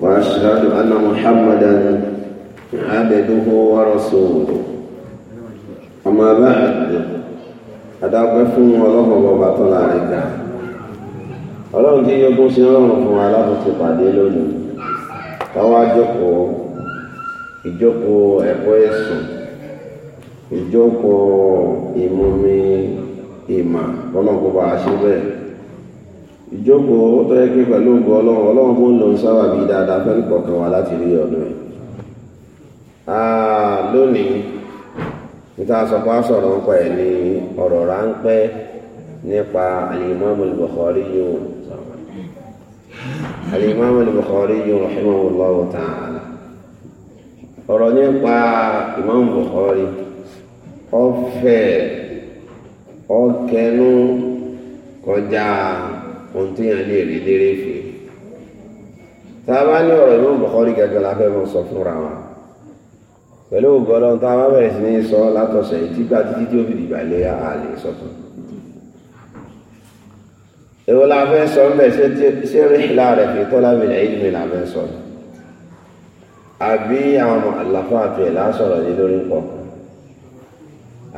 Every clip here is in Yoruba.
وأشهد أن محمدا عبده ورسوله أما بعد adágbẹ́ fún ọlọ́run ọba tó láàrin ga ọlọ́run fún ìjókòó ẹ̀kọ́ ẹ̀sùn ìjókòó ìmúmi ìmà ọlọ́run kó ìjókòó tó yẹ pé pẹ̀lú ògbó ọlọ́run ọlọ́run mú lòun sábà bíi dáadáa fẹ́ẹ́ kọ̀ọ̀kan wá láti rí ọ̀nà ẹ̀. lónìí níta sọpá sọ̀rọ̀ ńpa ẹ̀ ní ọ̀rọ̀ ráńpẹ́ nípa alimami Bukhari yóò alimami Bukhari yóò rahimahullahu ta'ala ọ̀rọ̀ nípa imam Bukhari ọ̀fẹ́ ọ̀kẹ́nu kọjá ohun tí yàn lè rí lérè fi tá a bá ní ọ̀rọ̀ ìmọ̀ bọ̀kọ́rí gẹ́gẹ́ la fẹ́ mọ̀ sọ fúnra wa pẹ̀lú ògbọ́lọ́ tá a bá bẹ̀rẹ̀ sí ní sọ látọ̀sẹ̀ tígbà títí tí ó fi dìgbà lé àlè sọ̀tún èwo la fẹ́ sọ ń bẹ̀ ṣé rí láàrẹ̀ fi tọ́lá mi lẹ́yìn mi la fẹ́ sọ àbí àwọn àlàfà àti ẹ̀ lásọ̀rọ̀ lé lórí pọ̀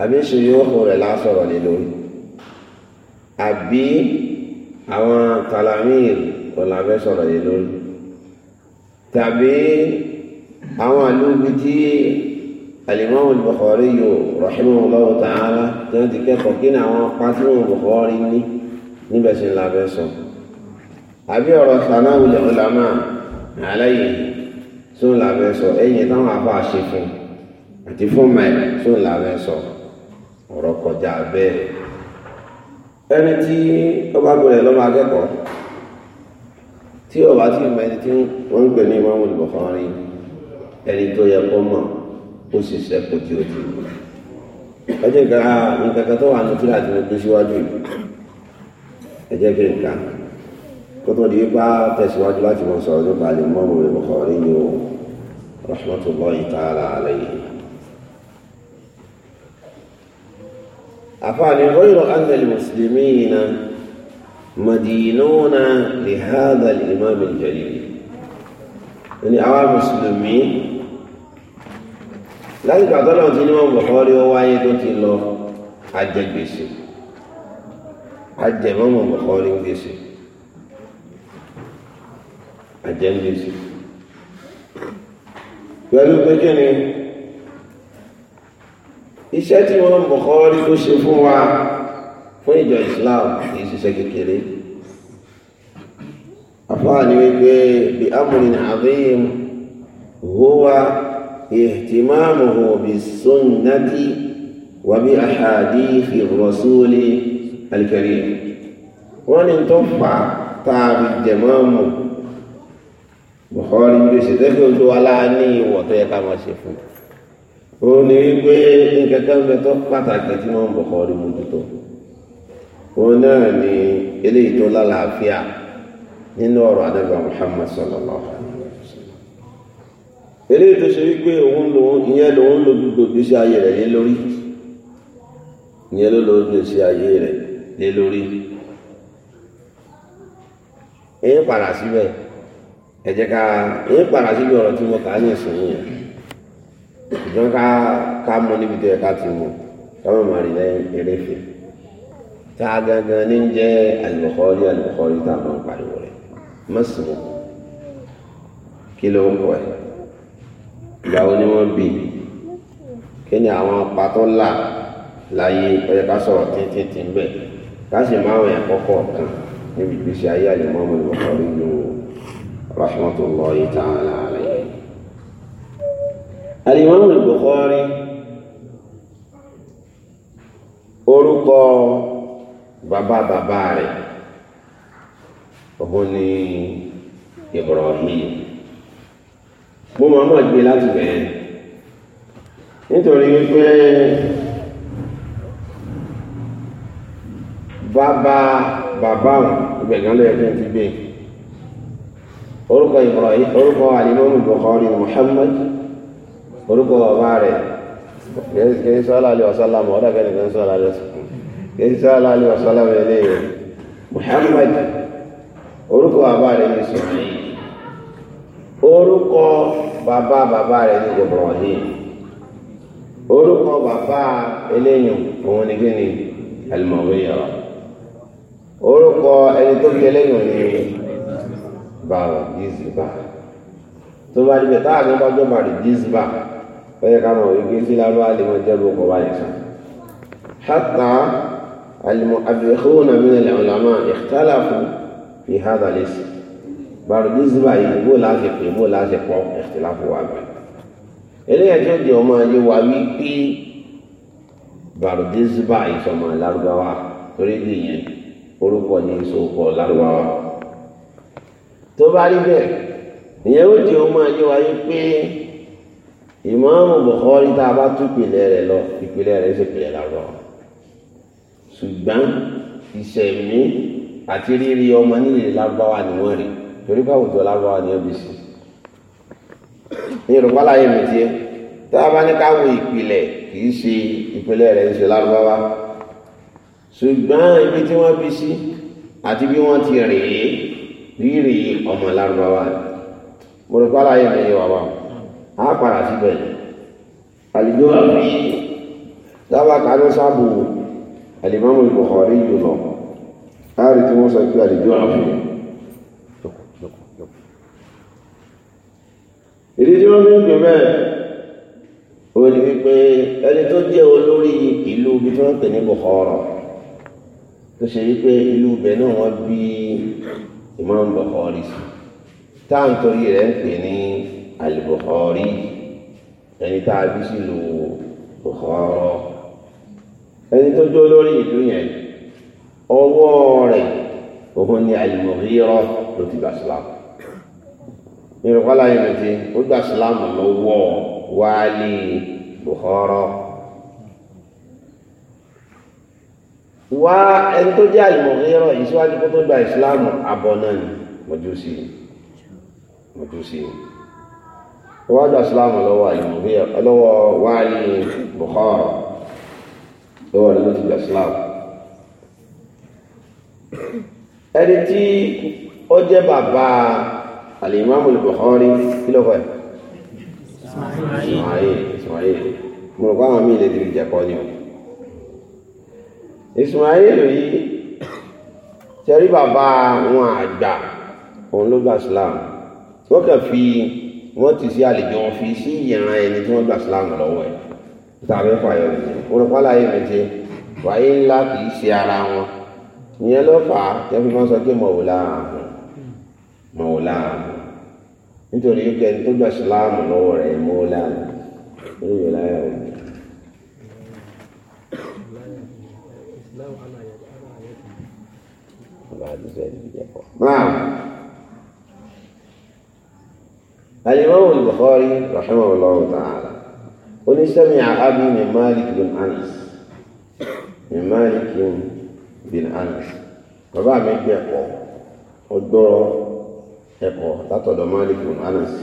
àbí ṣe yóò fún rẹ̀ lásọ̀rọ̀ lé lórí àbí àwọn talamir ọ̀là fẹ́ sọ̀rọ̀ yìí lórí tàbí àwọn àlúbi tí alimami Bukhari yóò rahimahullahu ta'ala tí wọ́n ti kẹ́kọ̀ọ́ kí ni àwọn pátínú Bukhari ní níbẹ̀ sí ńlá fẹ́ sọ àbí ọ̀rọ̀ sanáwó ulama aláyè tó ńlá fẹ́ sọ ẹ̀yìn táwọn afọ àṣẹ fún àti fún mẹ́rin tó ńlá sọ ọ̀rọ̀ kọjá bẹ́ẹ̀ ẹni tí ọba gbọ́dọ̀ lọ́mọ akẹ́kọ̀ọ́ tí ọba tí mọ ẹni tí wọ́n ń gbẹ̀ ní ìmọ̀ ìbò kan rí ẹni tó yẹ kó mọ̀ ó sì sẹ́kù tí ó ti mọ̀ ẹjẹ́ ká nǹkan kan tó wà ní tíra tí mo gbé síwájú yìí ẹjẹ́ kí n kà kó tó di bá tẹ̀síwájú láti mọ̀ sọ̀rọ̀ nípa lè mọ̀ ìbò kan rí ni ó rahmatullahi ta'ala alayhi. àfààní rọ́yìnrọ́ annal muslimina madinuna li hadha al-imam al-jalil ní àwọn mùsùlùmí láti gbàtọ́lọ̀ tí ní wọ́n Bukhari ó wáyé tó ti lọ ajẹgbèsè ajẹmọ́mọ́ Bukhari ń gbèsè ajẹgbèsè pẹ̀lú pé kí ni iṣẹ́ tí wọ́n Bukhari tó ṣe fún wa fún ìjọ Islam kìí ṣiṣẹ́ kékeré àfáà ni wípé bí amúrin àbíyìn huwa ihtimamuhu bí sunnati wà bí ahadithi rasuli al-karim wọ́n ni tó fà tààbí jẹmọ́mù Bukhari bí ó ṣe tẹ́kọ̀ọ́ tó wá ìwọ̀ tó yẹ ká máa ṣe fún òun ni wípé nkẹkẹ ń bẹ tó pàtàkì tí wọn ń bọ̀ kọ́rí mójútó òun náà ni eléyìí tó Muhammad sallallahu alaihi wa sallam eléyìí tó ṣe wípé òun lòun ìyẹn lòun lò gbogbo ìgbésí ayé rẹ̀ lé lórí ìyẹn ló lò ìgbésí ayé rẹ̀ lé lórí èyí ṣùgbọ́n ká ká mọ níbi tó yẹ ká ti mọ káwọn máa rí lẹ́yìn eré fè tá a gangan ní jẹ́ àlùkọ́rí àlùkọ́rí tá a máa ń pariwo rẹ̀ mọ́sùn kí ló ń kọ́ ẹ̀ ìyàwó ni wọ́n bì kí ni àwọn apá tó là láyé ọyẹ ká sọ̀rọ̀ títí tí ń bẹ̀ ká sì máa wọ̀ yẹn kọ́kọ́ níbi ìgbésí ayé àlùmọ́ọ́mù ìwọ̀kọ̀ nínú rahmatullahi ta'ala alayhi. Al-Imam Al-Bukhari orúkọ bàbá bàbá rẹ̀ ọ̀hún ni Ibrahim mo máa mọ̀ gbé láti bẹ̀rẹ̀ nítorí wípé bàbá bàbá wọn ibẹ̀ gan lóye fún gbé orúkọ Ibrahim orúkọ Al-Imam al orúkọ bàbá rẹ̀ kìí sọ́lá alẹ́ ọ̀sálàmù ọ̀dà bẹ́ẹ̀ nìkan sọ́lá alẹ́ sọ̀kún kìí sọ́lá alẹ́ ọ̀sálàmù ẹ̀ lẹ́yìn Muhammad orúkọ bàbá rẹ̀ ní sọ̀rọ̀ orúkọ bàbá bàbá rẹ̀ ní Ibrahim orúkọ bàbá eléyìn òun ni gíní alimọ̀wé yàrá orúkọ ẹni tó fi eléyìn ní bàbá gizba tó bá dìbẹ̀ táàgbọ́n bá jọba rẹ̀ fẹ́yẹ káwọn ìgbé tí lábá lè wọ́n jẹ́ gbogbo wa yẹn sàn. hátà alimu abirikun amina lẹ́wọ̀lọ́mọ́ ìtàlá fún fi hádà lè sí. bàrúdísíbà yìí bó láti pè bó láti pọ̀ ìtìlá fún wa gbà. eléyà tó di ọmọ ayé wa wí pé bàrúdísíbà yìí sọmọ alárúbáwá torí bí yẹn orúkọ ní ìsopọ̀ lárúbáwá. tó bá rí bẹ́ẹ̀ ìyẹn ó di ọmọ ayé wa wí pé ìmáàmù Bukhari tá a bá tún ìpìlẹ̀ rẹ̀ lọ ìpìlẹ̀ rẹ̀ ṣe ìpìlẹ̀ làwọ̀ ṣùgbọ́n ìṣẹ̀mí àti rírí ọmọ nílé lágbáwá ni wọ́n rí torí pé àwùjọ lágbáwá ni wọ́n bí sí ní ìrùpá láyé mi tiẹ̀ tá a bá ní káwọn ìpìlẹ̀ kì í ṣe ìpìlẹ̀ rẹ̀ ṣe lárúbáwá ṣùgbọ́n ibi tí wọ́n bí sí àti bí wọ́n ti rèé rírì ọmọ lárúbáwá mo rò mi yé wà wà o á padà síbẹ̀ ni àlejò wà fún yìí dábàá kaná sábò alimami Bukhari yìí lọ á rí tí wọ́n sọ pé àlejò wà fún yìí. ìdí tí wọ́n fi ń pè bẹ́ẹ̀ ó ní wípé ẹni tó jẹ́ olórí ìlú ibi tí wọ́n pè ní Bukhara tó ṣe wípé ìlú ibẹ̀ náà wọ́n bí Imam Bukhari táà ń torí rẹ̀ ń pè ní alìbùkọ́rí ẹni tá a bí sílùú bùkọ́rọ́ ẹni tó jó lórí ìlú yẹn ọwọ́ rẹ̀ òun ni àlùmọ̀ríyọ́ ló ti gbà sílámù nírọ̀kọ́lá yẹn ti ó gbà sílámù lọ́wọ́ wálé bùkọ́rọ́ wá ẹni tó jẹ́ àlùmọ̀ríyọ́ ìṣíwájú kó tó gba ìsìlámù abọ́ náà ni mọ̀jú sí mọ̀jú sí i wọ́n gba sílámù lọ́wọ́ àlùmọ́bíyà lọ́wọ́ wáàlì Bukhara lọ́wọ́ rẹ̀ ló ti gba sílámù. ẹni tí ó jẹ́ bàbá àlìmọ́mù Bukhari kí ló fẹ́ Ismail Ismail mo rò pé àwọn míì lè di ìjẹ́kọ́ ni o bàbá wọn àgbà òun ló gba sílámù wọ́n kàn fi wọ́n ti ṣe àlejò wọn fi sí ìyẹ̀ran ẹni tí wọ́n gbà síláàmù lọ́wọ́ ẹ̀ tàbí fàyọ̀ nìyẹn olùpàlà yìí nìyẹn wáyé ńlá kì í ṣe ara wọn ìyẹn ló fà á tẹ́ fi máa sọ pé mọ̀wò láàmù mọ̀wò láàmù nítorí pé ẹni tó gbà síláàmù lọ́wọ́ rẹ̀ mọ̀wò láàmù ló yẹ láyà o. Nah. الإمام البخاري رحمه الله تعالى قل سمع أبي من مالك بن أنس من مالك بن أنس bàbá mi gbé ẹ̀kọ́ ọgbọ́rọ̀ ẹ̀kọ́ látọ̀dọ̀ malik bin anas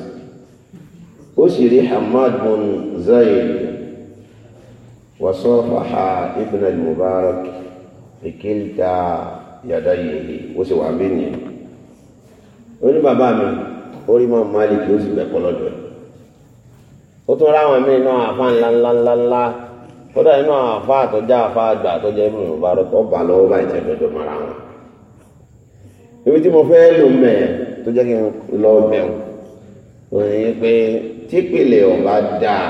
ó sì rí hamad bin zayed wasọ́fàá ibn al-mubarak ìkíńtà yàdáyé ó sì wà bẹ́ẹ̀ ni ó ní bàbá mi orí mọ́ Malik ó sì gbẹ̀kọ́ lọ́dọ̀ ẹ̀ ó tún ráwọn míì náà àfa ńláńláńlá kódà inú àwọn àfa àtọ́jà àfa àgbà àtọ́jà ìmọ̀ yorùbá rẹ̀ kọ́ bà lọ́wọ́ báyìí tẹ̀ dọ́jọ́ mọ́ra wọn ibi tí mo fẹ́ lò mẹ́ tó jẹ́ kí n lọ bẹ̀rù òun ni pé típìlẹ̀ ọ̀bá dáa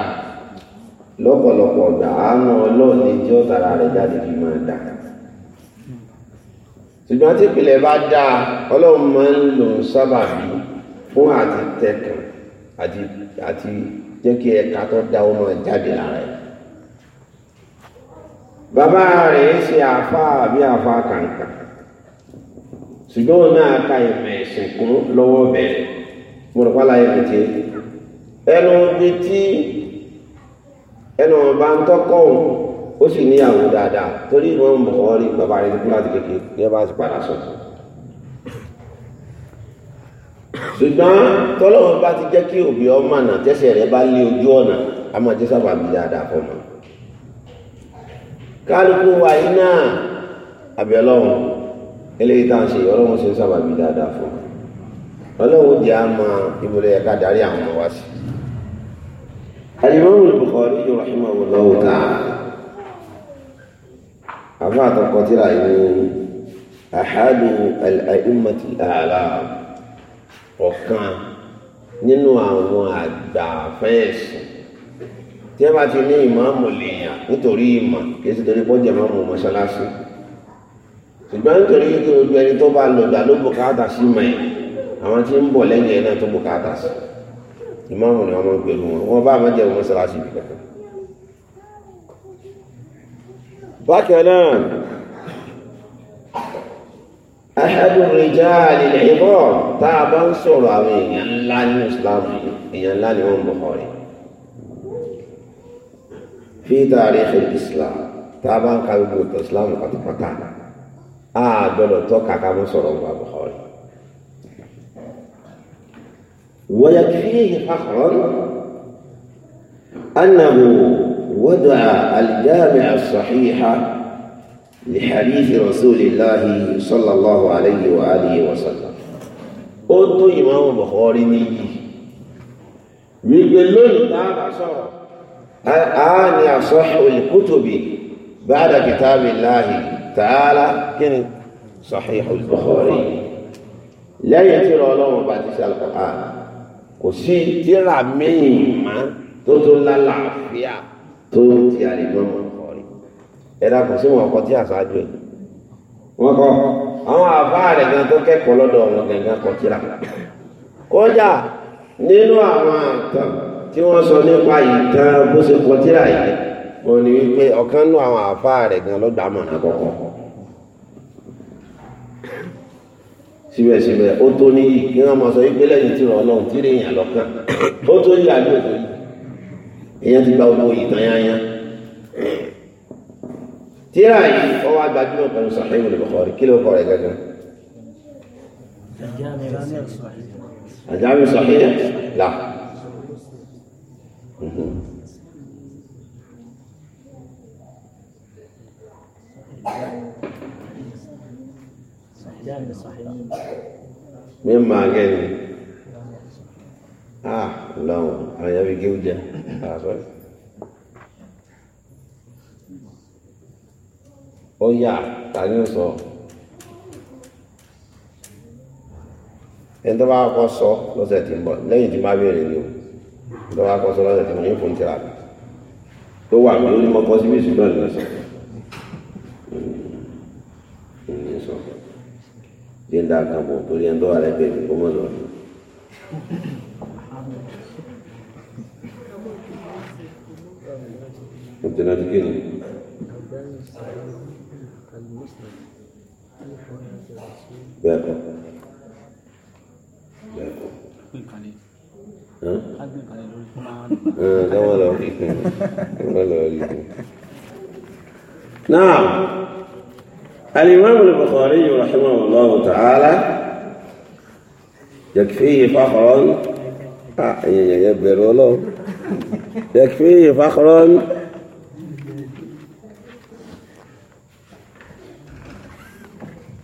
lọ́pọ̀lọpọ̀ ọ̀gbà àánú ọlọ́ọ̀ni tí ó tara rẹ̀ jáde fi máa dà ṣùgbọ́n tí bá dáa ọlọ́run máa ń lò ń fún àti tẹkàn àti àti jẹ́ kí ẹ̀ka tó da ọmọ jáde lára ẹ̀. bàbá rẹ̀ ṣe àfa àbí àfa kàǹkà ṣùgbọ́n òun náà ka ìmọ̀ ẹ̀sìn kún lọ́wọ́ bẹ̀rẹ̀ mo rò pálá ẹ̀rọ tiẹ̀ ẹnu bíi tí ẹnu ọba ń tọ́kọ̀ òun ó sì níyàwó dáadáa torí ìwọ̀n bọ̀ ọ́ rí bàbá rẹ̀ ní kúláàtì kékeré ní ẹ bá ti padà sọ̀tún. ṣùgbọ́n tọ́lọ́wọ́n bá ti jẹ́ kí òbí ọmọ àná tẹ́sẹ̀ rẹ̀ bá lé ojú ọ̀nà a máa jẹ́ sábà bí dáadáa fún ọmọ kálukú wa yìí náà àbí ọlọ́run eléyìí tá à ń ṣe ọlọ́run ṣe sábà bí dáadáa fún ọmọ ọlọ́run jẹ́ a máa ìbúlẹ̀ ẹ̀ka darí àwọn ọmọ wa sí. alimami Bukhari rahimahullahu ta'ala àfa àtọkọtìrà yìí ahadu al-a'immati al-a'lam ọ̀kan nínú àwọn àgbà fẹ́ẹ̀sì tí ẹ bá ti ní ìmáàmù lèèyàn nítorí ìmọ̀ kìí sì torí pọ́jẹ̀ máa mú mọ́ṣáláṣí ṣùgbọ́n nítorí kí ojú ẹni tó bá lọ gbà ló bùkátà sí mọ̀ ẹ̀ àwọn tí ń bọ̀ lẹ́yìn ẹ̀ náà tó bùkátà sí ìmáàmù ni wọ́n máa ń pẹ̀lú wọn wọ́n bá máa jẹ́ mọ́ṣáláṣí bìkan. bákan náà أحد الرجال العظام تابا سوراوي يعني لا الإسلام يعني لا اليوم بخاري في تاريخ الإسلام تابا قلب الإسلام قد فتانا آه دولة توكا كما سوراوي بخاري ويكفيه فخرا أنه وضع الجامعة الصحيحة لحديث رسول الله صلى الله عليه وآله وسلم ó tó ìmọ̀ràn bọ̀kọ́rí níyì wípé lónìí tá a bá sọ̀rọ̀ a ní àsọ́hù ìkútòbí ba'da kitabillahi ta'ala kí ni sọ̀híhù bọ̀kọ́rí lẹ́yìn tí ọlọ́run bá ti ṣàlùkọ́ a kò sí tíra mẹ́yìn má tó tó lálàáfíà tó ti àlejò mọ́ ẹ̀dá kò sí wọn ọkọ tí àṣáájú ẹ̀ wọn kọ àwọn àfáà gan tó kẹ́kọ̀ọ́ lọ́dọ̀ ọ̀rọ̀ gangan kọ nínú àwọn àtàn tí wọ́n sọ nípa ìtàn bó ṣe kọ yìí wọn ni wípé ọ̀kan nú àwọn gan lọ́gbà mọ̀nà kọ̀kọ́ síbẹ̀síbẹ̀ ó tó kí wọ́n máa sọ wípé lẹ́yìn tí tí tíra yìí ó wá gbajúmọ̀ pẹ̀lú Sahihul Bukhari kí ló kọ rẹ̀ gẹ́gẹ́ àjámi Sahih là mímọ agẹ́ni ah lọ́wọ́ àwọn yàrá igi ó jẹ́ àṣọ́yìí. ọyà tani sọ ẹni tó bá kọ́ sọ lọ́sẹ̀ tí ń bọ̀ lẹ́yìn tí má bẹ̀rẹ̀ ni o ẹni tó bá kọ́ sọ lọ́sẹ̀ tí mo ní fún tíra tó wà lórí mọ́kọ́ sí ìṣúná ìlú sọ ìlú sọ jẹ́ dá nǹkan bọ̀ torí ẹni tó wà lẹ́gbẹ̀ẹ́ mi kó mọ̀ lọ. Continuar de quem? ها؟ نعم الإمام البخاري رحمه الله تعالى يكفيه فخرا يكبر له آه، يكفيه فخرا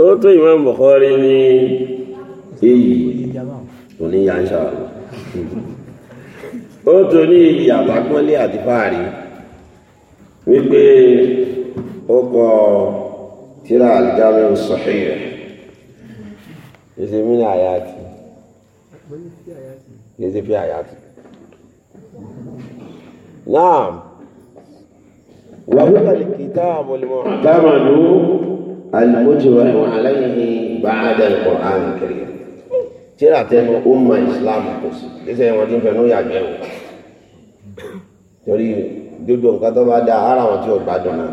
ó tó Imam Bukhari ní èyí kò ní yánṣà ó tó ní èyí àbápọ́nlé àti fáàrí wípé ó kọ tíra al-Jami' as-Sahih ìsinmi ní àyàtì yéésì fi àyàtì náà wàhùwà lè kìtà àmọ̀lẹ́mọ̀ àdámàlú. المجمع عليه بعد القرآن الكريم ترى تنو أمة إسلام قص لسه يوم دين فنو يعجبه torí dúdú nǹkan tó bá dáa ara wọn tí ò gbádùn náà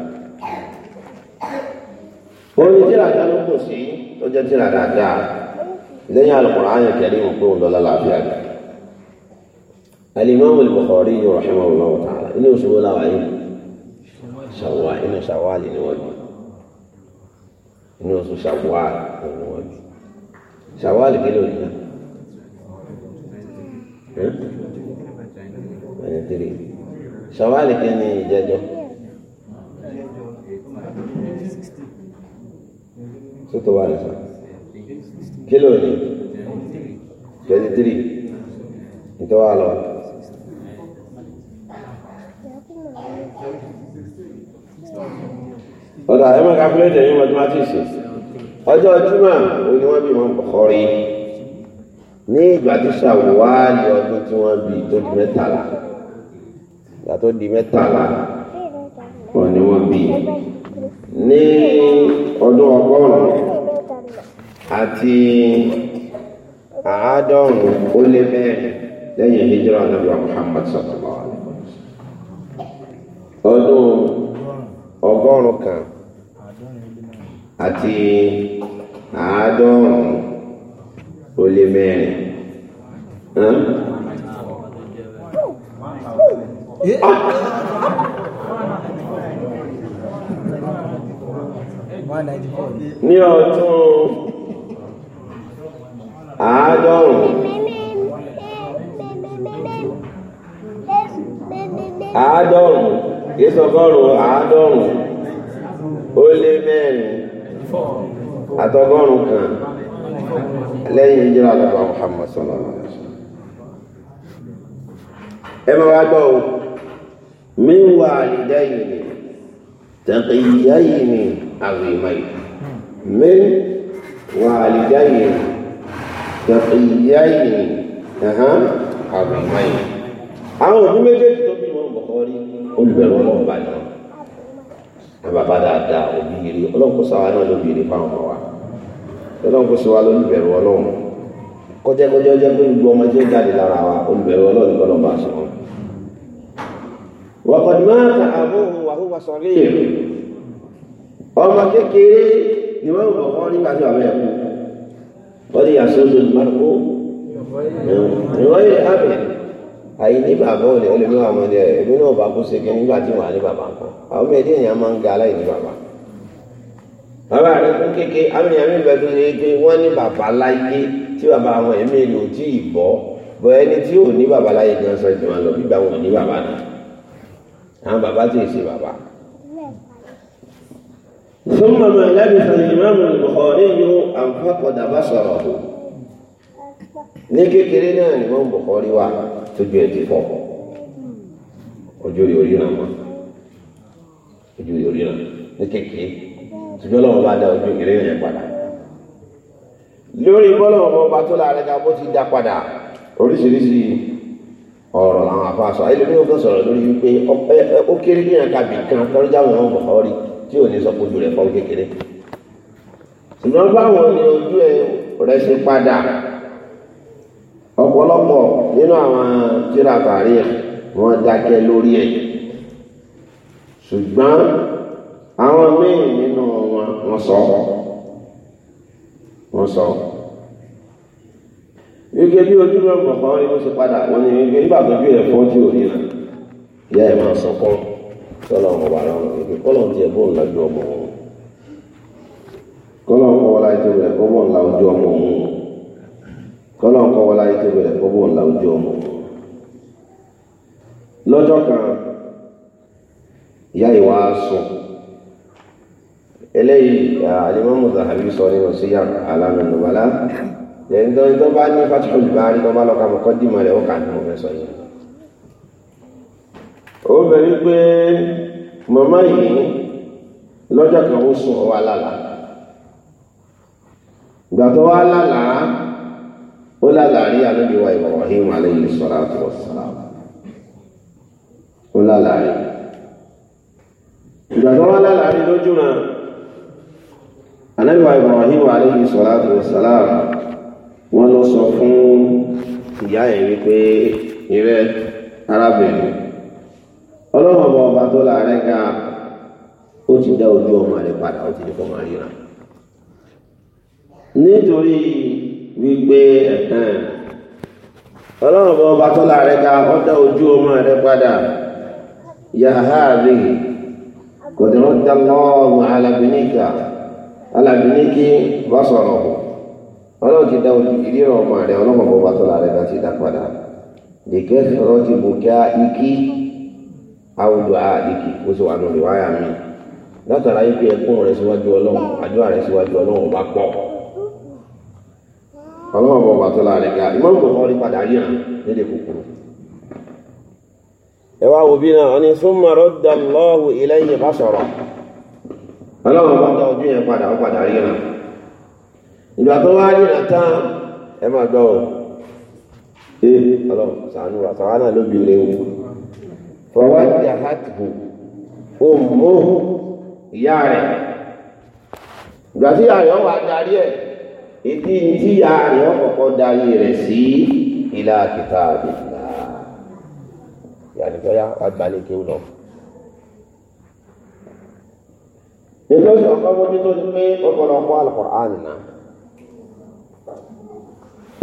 orin tíra ta ló kù sí tó jẹ́ tíra dáadáa lẹ́yìn Al-Qur'an Al-Karim mọ̀ pé òun lọ́la láàbíà rẹ̀ Al-Imam Al-Bukhari rahimahullahu ta'ala inú oṣù wo làwọn yìí inú ṣàwọ́ àlè ni wọ́n lò inú oṣù ṣàwáàlì òun wọn bí ṣàwáàlì kí ló dìgbà ẹnìtìrì kí ni ìjẹjọ tó tó wà lẹsọ kí ló ní twenty three ìtọ́wà lọ. Thank you ọ̀dọ̀ àyẹ́ máa calculate ẹ̀yìn mathematics ọjọ́ júmọ̀ òun ni wọ́n bí wọn kọ̀kọ́ rí ní ìgbà tí ṣàwáàlì ọdún tí wọ́n bí tó di mẹ́tàlá ìgbà tó di mẹ́tàlá wọn ni wọ́n bí ní ọdún ọgọ́rùn-ún àti àádọ́rùn-ún ó lé mẹ́rin lẹ́yìn hijira nàbí Muhammad sọ̀rọ̀. ọgọ́rùn-ún kan àti àádọ́rùn-ún ó lé mẹ́rin. ní ọdún àádọ́rùn-ún. àádọ́rùn-ún yéésù ọgọ́rùn-ún àádọ́rùn-ún ó lé mẹ́rin àtọgọ́rùn kan lẹ́yìn ìjírà àdàbà Muhammad sallallahu alaihi wasallam ẹ máa wá gbọ́ o mi wà àlìdá yìí ni tẹ̀kẹ̀ ìyá yìí ni àrìmà yìí mi wà àlìdá yìí ni tẹ̀kẹ̀ ìyá yìí ni àrìmà yìí àwọn òbí méjèèjì tó bí wọn bọ̀ kọ́ rí olùbẹ̀rù ọlọ́ọ̀bà náà ẹ bàbá dáadáa òbí rere ọlọ́run kó sáwa náà lóbi rere fáwọn ọmọ wa ọlọ́run kó sáwa lóbìbẹ̀rù ọlọ́run kọjá kọjá jẹ́ pé gbogbo ọmọ tí ó jáde lára wa olùbẹ̀rù ọlọ́run kọ́ lọ́ba àṣọ wọn. wàkọ̀dùmá ta àbúrò wàhùwà sọ̀rí ọmọ kékeré ni wọ́n ń bọ̀ fọ́ nígbà tí wàá bẹ̀rẹ̀ kú wọ́n ti yà sóso ìmọ̀ àyè ní bàbá ò lè ó lè ní àwọn ọmọdé rẹ̀ èmi náà bá kú ṣe kí nígbà tí wọ́n á ní bàbá nǹkan àwọn ọmọ ẹ̀dẹ́ èèyàn máa ń ga aláì ní bàbá. bàbá rẹ̀ kú kéke àwọn èèyàn mi bẹ̀ tó ṣe pé wọ́n ní bàbá láyé tí bàbá àwọn ẹ̀mí èlò tí ì bọ́ bọ́ ẹni tí ò ní bàbá láyé gan sọ ìtàn lọ bí báwọn ní bàbá náà àwọn bàbá tí ṣe bàbá. ثم ما لبث الإمام ni wọ́n Bukhari wà tójú ẹ̀ ti fọ́ ojú rẹ̀ oríran mọ́ ojú rẹ̀ oríran ní kékeré ṣùgbọ́n lọ́wọ́ bá da ojú ìrẹ́ yẹn padà lórí bọ́lọ̀wọ́ bọ́ba tó láàrin ká bó ti dá padà oríṣiríṣi ọ̀rọ̀ làwọn àfàṣọ ayélujára ó kàn sọ̀rọ̀ lórí wípé ó kéré ní ẹ̀ka bì kan kọjá àwọn ọmọ ọ̀rí tí ò ní sọ pé ojú rẹ̀ fọ́ kékeré ṣùgbọ́n báwo ni ojú rẹ̀ ṣe padà ọ̀pọ̀lọpọ̀ nínú àwọn tíra tàrí ẹ̀ wọ́n dákẹ́ lórí ẹ̀ ṣùgbọ́n àwọn míì nínú wọn wọ́n sọ wọ́n sọ wípé bí ojúlọ kọ̀ọ̀kan ni wọ́n ṣe padà wọ́n ní wípé nígbà tó bí ẹ̀ fọ́n tí ò ní náà ìyá ẹ̀ máa sọ̀kọ́ sọ́lọ́ ọmọ wà láwọn ìgbé kọ́lọ̀ ti ẹ̀ bọ́ọ̀ ńlá ju ọmọ òun kọ́lọ̀ ọmọ wọlá ìjọba ẹ̀ kọ́ bọ́ọ̀ ńlá ojú ọmọ òun kọ́lọ̀ ń kọ́ wọlé ayé tó bẹ̀rẹ̀ kọ́ bọ̀ ńlá ojú ọmọ lọ́jọ́ kan ìyá ìwà sùn eléyìí alimami zahabi sọ nínú síyà alámi nùbàlá lẹ́yìn tó ń tó bá ní fatihu ìbárí tó bá lọ mọ̀kọ́ dì mọ̀lẹ́ ó kà ní ọmọ sọ yìí ó bẹ̀rẹ̀ pé màmá yìí lọ́jọ́ kan ó sùn ọwọ́ alálàá ìgbà tó wá lálàá ó lálàárí ànábì wa Ibrahim alayhi salatu wa salam ó lálàárí ìgbà tó wá lálàárí lójú náà ànábì wa Ibrahim alayhi salatu wa salam wọ́n lọ sọ fún ìyá ẹ̀ wípé ìrẹ́ arábìnrin ọlọ́run ọba ọba tó láàárẹ̀ ga ó ti dá ojú ọmọ rẹ̀ padà ó ti di máa ríra nítorí wípé ẹ̀hán ọlọ́run bọ́ ọba tọ́lá rẹ̀ ká ọ́dá ojú ọmọ rẹ̀ padà yahari kòtìrọ́dá lọ́ọ̀rùn alábìníkà alábìníkì bá sọ̀rọ̀ ọlọ́run ti dá ojú ìdí ọmọ rẹ̀ ọlọ́run bọ́ ọba tọ́lá ká ti dá padà sọ̀rọ̀ ti ikí àdìkì sì wà mi látara ẹkún síwájú ọlọ́run síwájú ọlọ́run bá pọ̀. ọlọ́wọ́ bọ̀ bàtọ́ láàrin ga ìmọ̀ bọ̀ rí padà yíra nílé kòkòrò ẹwà òbí náà wọ́n ni súnmọ́ rọ́dà lọ́wọ́ ilẹ̀ yìí bá sọ̀rọ̀ ọlọ́wọ́ bá dá ojú yẹn padà ó padà yíra ìgbà tó wá yíra tán ẹ máa gbọ́ ọ ee ọlọ́wọ́ sàánú wa sàwọn náà ló bí ire wò fọwọ́ jà hàtìbò òmùmó ìyá rẹ̀ ìgbà tí ìyá rẹ̀ wà darí ẹ̀ ìdí tí ya rẹ̀ ọ̀kọ̀ọ̀kọ̀ darí rẹ̀ sí ilá kìtà àbìlá yàtọ̀ ya agbálẹ̀ kéwù lọ. ètò ìṣọ̀kan ọmọ mi tó ti pé ọ̀pọ̀lọpọ̀ Al-Qur'an náà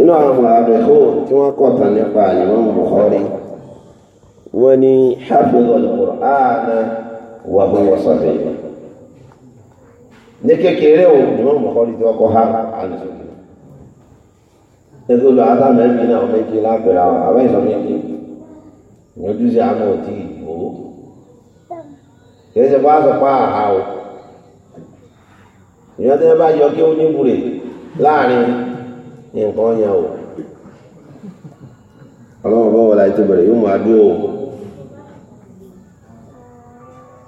inú àwọn mọ̀lábẹ̀kọ́ tí wọ́n kọ̀tà nípa Imam Bukhari wọ́n ní hafidhul Qur'an wa huwa saghir ní kékeré òun ni wọ́n mọ̀kọ́ ní tí wọ́n kọ́ ha àlùsọ̀tò ẹgbẹ́ olú adámẹ́ mi náà méjì lápẹ̀rẹ̀ àwọn àbẹ́ ìsọ̀mí ẹ̀kẹ́ ìyọjúṣe àmọ́ òtí ìbò kìí ṣe bá sọ pa àhà o ìyọ́n tẹ́ bá yọ kí ó ní bùrè láàrin nǹkan yẹn o ọlọ́run bọ́wọ́ láì tó bẹ̀rẹ̀ yóò máa dúró o.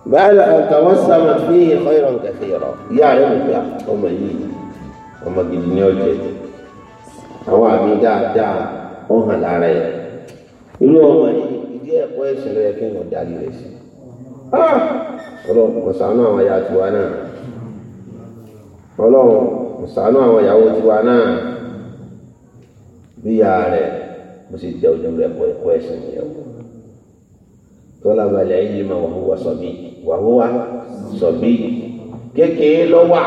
بعد أن توسمت فيه خيرا كثيرا يعلم يعني ọmọ yìí ọmọ gidi ni ó jẹ àwọn àmì dáadáa ó hàn lára ẹ irú ọmọ yìí ìdí ẹ̀kọ́ ẹ̀sìn rẹ kí wọn darí rẹ sí Ọlọ́run kò ṣàánú àwọn ìyá tiwa náà Ọlọ́run kò ṣàánú àwọn ìyàwó tiwa náà bí ìyá rẹ mo sì jẹ ojú rẹ kọ ẹ̀kọ́ ẹ̀sìn yẹn o tọ́lá balẹ̀ ẹ̀yìn mà wà hùwà sọ bíi wàhúwà sọ̀bí kékeré lọ́wà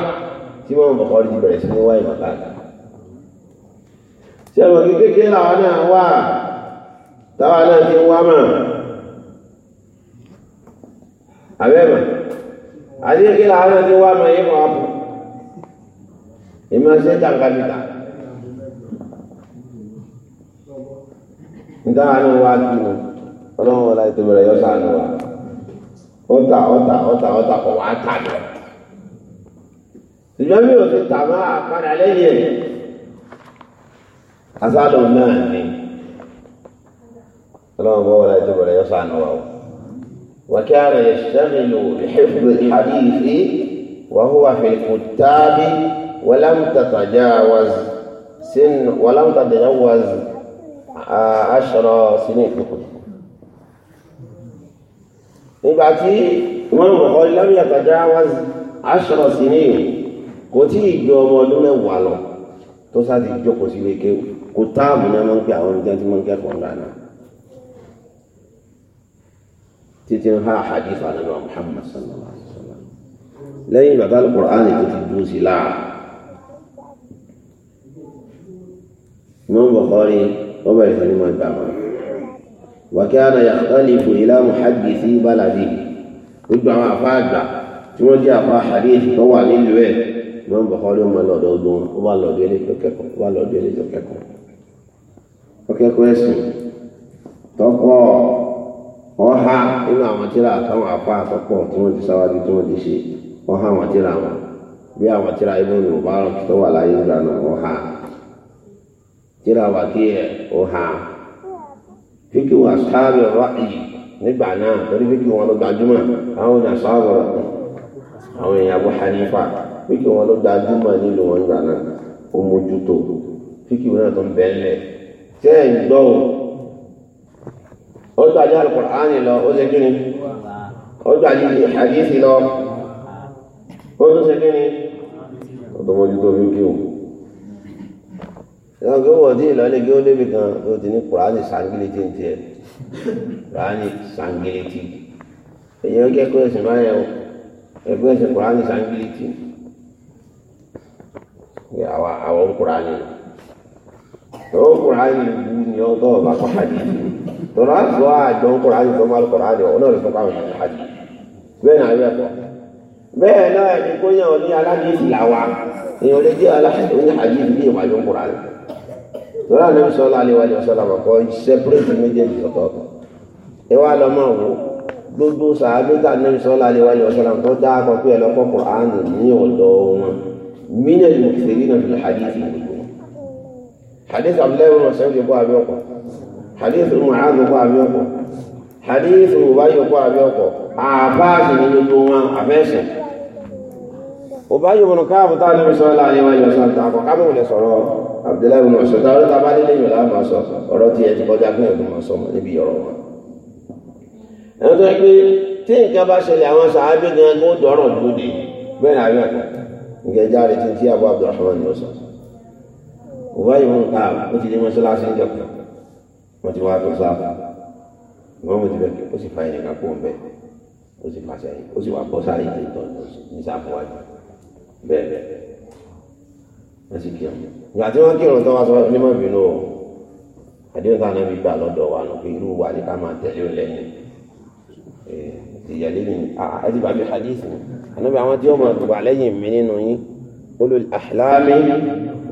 tí wọ́n bọ̀ kọ́ di bẹ̀rẹ̀ sí ní wá ìmọ̀ káàkiri. ṣé ẹ̀rọ kí kékeré làwọn náà wà táwa náà ti wá mọ̀ àbẹ́mọ̀ àti kékeré làwọn náà ti wá mọ̀ yìí mọ̀ àpò ìmọ̀ ṣe tàǹkàtìkà. nítawọn náà wá kí wọn ọlọ́run wọlé tó bẹ̀rẹ̀ yọ sáà náà wà ọ̀tà ọ̀tà ọ̀tà ọ̀tà kọ̀ wá tà lọ. ìjọ mi ò ti tà máa padà lẹ́yìn ẹ̀. asálò náà ni ọlọ́run bọ́ wọlé ìjọba rẹ̀ yọ sànù wa o. وكان يشتغل بحفظ الحديث وهو في الكتاب ولم تتجاوز سن ولم تتجاوز عشر سنين في الكتاب nígbà tí wọ́n ń kọ́kọ́ lọ́rùn àtàjà wáṣí aṣọ sí ní ìlú kò tí ì jọ ọmọ ọdún mẹ́wàá lọ tó sáti jókòó sí ilé kéwù kò táàbù náà máa ń pè àwọn ọmọdé tí wọ́n ń kẹ́kọ̀ọ́ ńlá náà títí ń ha àdìfà nínú Muhammad sallallahu alaihi wa sallam lẹ́yìn ìgbà tá Al-Qur'ani tó ti dùn sí láà wọ́n ń bọ̀ kọ́ ni wọ́n bẹ̀rẹ̀ sí ní mọ̀ ìgbà wọn wàkíyàna yàtọ́lìfò ìlànà hajji sí baladi gbogbo àwọn afá àgbà tí wọ́n jẹ́ afá hadith tó wà nílùú ẹ̀ wọ́n ń bọ̀kọ́ ló ma lọ́dọ̀ ọdún ó wà lọ́dọ̀ eléjọ kẹ́kọ̀ọ́ ó wà lọ́dọ̀ eléjọ kẹ́kọ̀ọ́ ọkẹ́kọ̀ọ́ ẹ̀sìn tọ́kọ̀ ọ̀há nínú àwọn tíra àtàwọn afá àtọ́kọ̀ tí wọ́n ti sáwájú tí wọ́n ti ṣe ọ̀há àwọn tíra wọn bí àwọn tíra ibùn ní mubarak tó wà láyé ìgbà náà ọ̀há tíra wà kí ẹ̀ ọ̀há fíkì wà sáàbì ráàyè nígbà náà torí fíkì wọn ló gbajúmọ̀ àwọn ní àsáàbì ráàyè àwọn èèyàn Abu Hanifa fíkì wọn ló gbajúmọ̀ nílùú wọn gbà náà ó mójútó fíkì wọn náà tó ń bẹ́ẹ̀lẹ̀ tẹ́ ẹ̀ ń gbọ́ o ó gbàdúrà Al-Qur'ani lọ ó ṣe kí ni ó gbàdúrà hadisi lọ ó tún ṣe kí ni ó fíkì o ìwọ̀n kí wọ́n dín ìlọlé kí wọ́n débi kan tó ti ní kùránì sangiliti ń tiẹ̀ kùránì sangiliti èyí ó kẹ́kọ̀ọ́ ẹ̀sìn máa yẹ o ẹgbẹ́ ẹ̀sìn kùránì sangiliti àwọn kùránì àwọn kùránì bu ni ọ tọ́ ọba kọ́ hajj tọ́lá sọ àjọ kùránì tó máa kùránì ọ̀ náà lè sọ káwọn ìṣẹ̀lẹ̀ hajj bẹ́ẹ̀ náà yẹ kọ́ bẹ́ẹ̀ náà ẹni kó yẹ ọ ní aládìsí làwa èèyàn lè jẹ́ aládìsí ní hajj ní ìwà lọ́la ní sọ́lá aléwájú ọ̀sọ́lá àkọ́kọ́ sẹ́pẹ́rẹ́tì méjèèjì ọ̀tọ̀ọ̀tọ̀ ìwà lọ́mọ òwò gbogbo sàábẹ́tà ní sọ́lá aléwájú ọ̀sọ́lá tó dá akọ́ pé ẹlọ́kọ́ kùránù ní ọ̀dọ̀ wọn mínà ní òfìrí náà fi hadith ìlú hadith abdullahi wọn sẹ́wọ́n ti kọ́ abẹ́ọ̀kọ́ hadith muhammed kọ́ abẹ́ọ̀kọ́ hadith mubayi kọ́ abẹ́ọ̀kọ́ àbáàsì ní gbogbo wọn àfẹ́sẹ̀ òbáyọ̀ wọn káàbù tá a lè sọ́lá aléwájú ọ̀sọ́lá abdullahi bin masu ta ọ̀rọ̀ tàbá nílé ìyọ̀lá máa sọ ọ̀rọ̀ tí ẹ ti kọjá fún ẹ̀gbọ́n máa sọ mọ̀ níbi ọ̀rọ̀ wọn. ẹni tó yẹ pé tí nǹkan bá ṣẹlẹ̀ àwọn sàábé gan kó dọ̀rọ̀ lóde bẹ́ẹ̀ ni àbí àkà nǹkan jáde tí tí abu abdulrahman ni ó sọ. òwá yìí wọn ká ó ti dé mọ́ṣáláṣí ńjọ kan wọ́n ti wá tó sá wọ́n mo ti bẹ̀ ó sì fa ẹ̀yìn kan kó ń bẹ̀ ó sì fa sẹ́yìn ó sì wà bọ́ sáré ìtọ́jú ní sáfù wájú bẹ́ẹ̀ bẹ́ẹ̀ wọ́n sì kírun ìgbà tí wọ́n kírun tó wá sọ onímọ̀ ìbínú o àdéhùn táwọn ẹbí gbà lọ́dọ̀ wa nù pé irú wa ni ká máa tẹ̀lé o lẹ́yìn ìyàlẹ́ ni àti bàbí hadith ni ànábi àwọn tí ó mọ̀ tó wà lẹ́yìn mi nínú yín ulul ahlami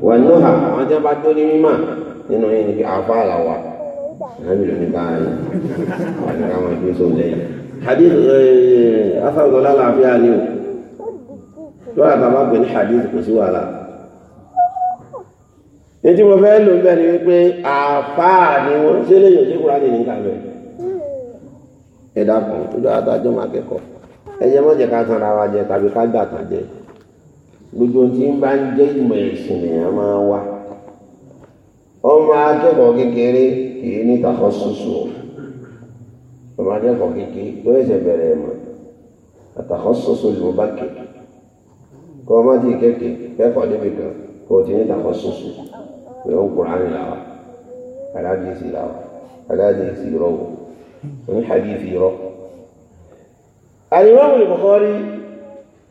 wan nuha àwọn tí wọ́n bá tó ní mímọ̀ nínú yín ni pé àfa àlà wa ànábi ló ní báyìí àwọn ẹ̀ka máa gbé sóun lẹ́yìn hadith afáwọ̀dọ́lá làbíyá ni o lọ́la tàbá pè ní hadith kò sí wàhálà ètí mo fẹ́ lò bẹ́ẹ̀ ni wípé àfáà ni wọ́n ṣe lè yòó sí kúránì nígbà bẹ́ẹ̀ ẹ dákun ojú adájọ́ máa kẹ́kọ̀ọ́ ẹ jẹ́ mọ́jẹ̀ ká tan ara wa jẹ tàbí ká gbà tán jẹ gbogbo tí ń bá ń jẹ́ ìmọ̀ ẹ̀sìn nìyẹn máa wá ọmọ akẹ́kọ̀ọ́ kékeré kì í ní tàkọ́ ṣoṣo ọmọ akẹ́kọ̀ọ́ kékeré lórí ẹ̀sẹ̀ bẹ̀rẹ̀ ẹ̀mọ́ àtàkọ́ ṣoṣo ló bá kékeré kọ́ ọmọ tí kẹ́kọ̀ọ́ débi kò tí ní tàkọ́ ṣoṣo yóò kùránì làwà aládìsí làwà aládìsí irọ́ wò ní hadìsí irọ́. alimami Bukhari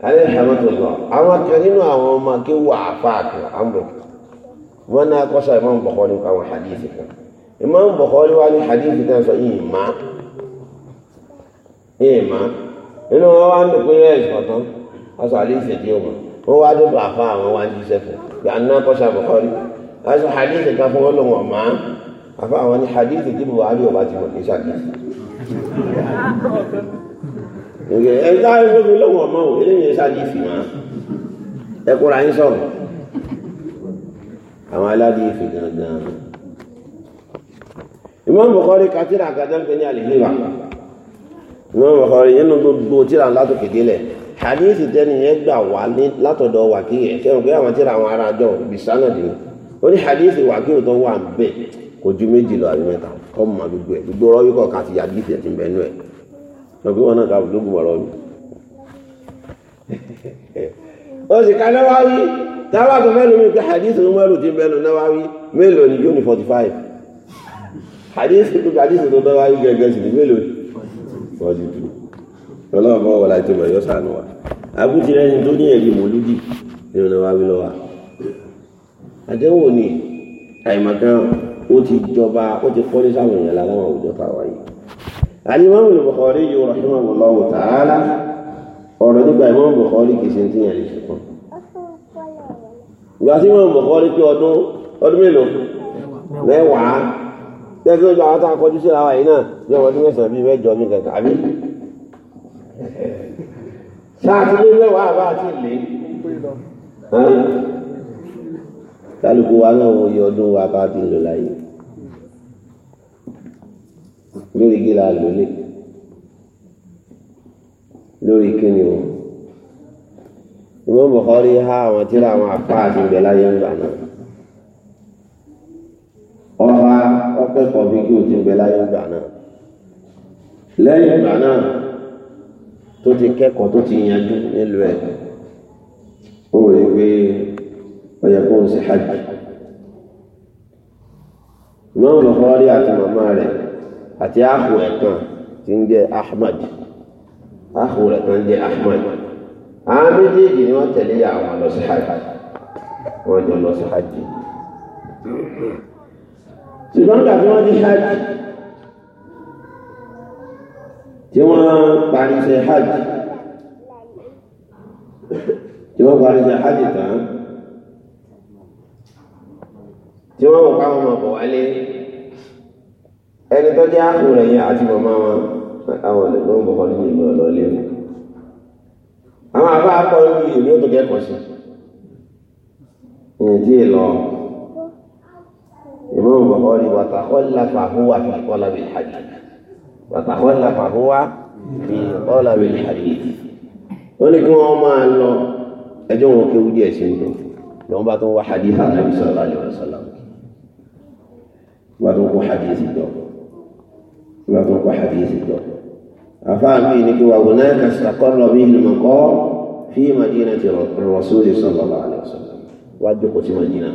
alhamdulillah àwọn kan nínú àwọn ọmọ akéwò àfáàkì àmọ wọn náà kọsọ imam Bukhari àwọn hadìsí kan imam Bukhari wà ní hadìsí náà sọ yìí má yìí má inú wọn wá ń dùn pé ẹ ìṣọ̀tán wọn sọ àdìsí tí ó mọ wọn wá dúdú àfa àwọn wá ń jíṣẹ́ fún yàrá náà kọsọ Bukhari aṣọ hadith kan fún ọlọ́wọ̀n ọ̀má àfa àwọn ní hadith tí buhari ọba ti wọ̀ ní ṣàkíyèsí. ẹ dá ẹgbẹ́ lọ́wọ́ ọmọ ò eléyìí ṣàdífì mọ́ ẹ kóra yín sọ̀rọ̀ àwọn aládìífì gangan. Imam Bukhari katira àgàdàgbẹ́ ní àlèhìwà Imam Bukhari nínú gbogbo tíra látòkè délẹ̀ hadithi tẹ́ni yẹn gbà wá látọ̀dọ̀ wà kí ẹ̀ kẹ́hùn pé àwọn tíra àwọn ará jọ bìsánà dì ó ní hadith wàkíù tó wà ń bẹ̀ kò ju méjì lọ àbí mẹ́ta kọ́ mọ̀ gbogbo ẹ̀ gbogbo ọ̀rọ̀ yìí kọ̀ọ̀kan àti hadith ẹ̀ ti ń bẹ̀ nú ẹ̀ lọ́gbé wọn náà ká lóògùn ọ̀rọ̀ mi. ó sì ká náwáwí táwa tó mẹ́lòó mi pé hadith Umaru ti bẹ́nu náwáwí mélòó ni yóò ní forty five hadith tó hadith tó náwáwí gẹ́gẹ́ sì ni mélòó ni forty two ọlọ́run bọ́ wọlé àti ọmọ ẹ̀yọ́ sànù wa abúti lẹ́yìn tó ní ẹ̀rí mọ́lúdì nínú náwáwí lọ́wọ́ àdéhùn ni àìmọ̀kan ó ti jọba ó ti kọ́lé sáwọn èèyàn lára àwọn àwùjọ tá a wáyé. àdìmọ́mù ni Bukhari yóò rọ̀ ṣọ́mọ̀ mọ́ lọ́wọ́ tààlà ọ̀rọ̀ nípa ìmọ̀mù Bukhari kì í ṣe ti yàn lè ṣe fún. ìgbà tí ìmọ̀mù Bukhari pé ọdún ọdún mélòó mẹ́wàá tẹ́gbẹ́ ìjọ àwọn tá a kọjú sí ara yìí náà bí ọmọdún mẹ́sàn-án bíi mẹ́jọ mi kankan àbí. sáà ti lé mẹ́wàá àti ìlé kálukú wa náà wòye ọdún wa bá ti lò láyé lórí gíga lónìí lórí kíni o ìmọ̀ bọ̀kọ́rí há àwọn tíra àwọn apá àti ìgbẹ́ láyé ń gbà náà ọba ọkẹ́kọ̀ọ́ bí kí o ti gbẹ láyé ń gbà náà lẹ́yìn ìgbà náà tó ti kẹ́kọ̀ọ́ tó ti yanjú nílùú ẹ̀. sí hajj ìmọ̀n bukhari àti màmá rẹ̀ àti àhù ẹ̀ kan ti ń jẹ́ ahmad àhù rẹ̀ kan jẹ́ ahmad àwọn méjèèjì ni wọ́n tẹ̀lé àwọn lọ sí hajj wọ́n jọ lọ sí hajj ṣùgbọ́n nígbà tí wọ́n dé hajj tí wọ́n parí ṣe hajj tí wọ́n parí ṣe hajj tán. tí wọ́n mọ̀ káwọn máa bọ̀ wálé ẹni tó jẹ́ àpò rẹ̀ yẹn àti màmá wọn àwọn ọ̀lẹ́ ló ń bọ̀ nínú ìlú ọ̀lọ́lẹ́ mi. àwọn àbá akọ níbi ìlú tó kẹ́kọ̀ọ́ sí ìyẹn tí ì lọ ìmọ̀ bọ̀kọ́ ni wàtàkọ́lá fàhùwà fi kọ́lá bìí hàjì wàtàkọ́lá fàhùwà fi kọ́lá bìí hàjì. wọ́n ní kí wọ́n máa lọ ẹjọ́ wọn kéwu díẹ̀ sí i lọ lọ́wọ́n bá tó wá hadith Ànábì sallallahu alaihi wasallam ìgbà tó kó hadithi jọ ìgbà tó kó hadithi jọ àfáàmì ni kí wà wò náà kà sàkọ́lọ̀ bí ìlúmọ̀kọ́ fi madina ti rọ̀súlì sọ̀lọ̀lá àlẹ́sọ̀lá wájú kò sí madina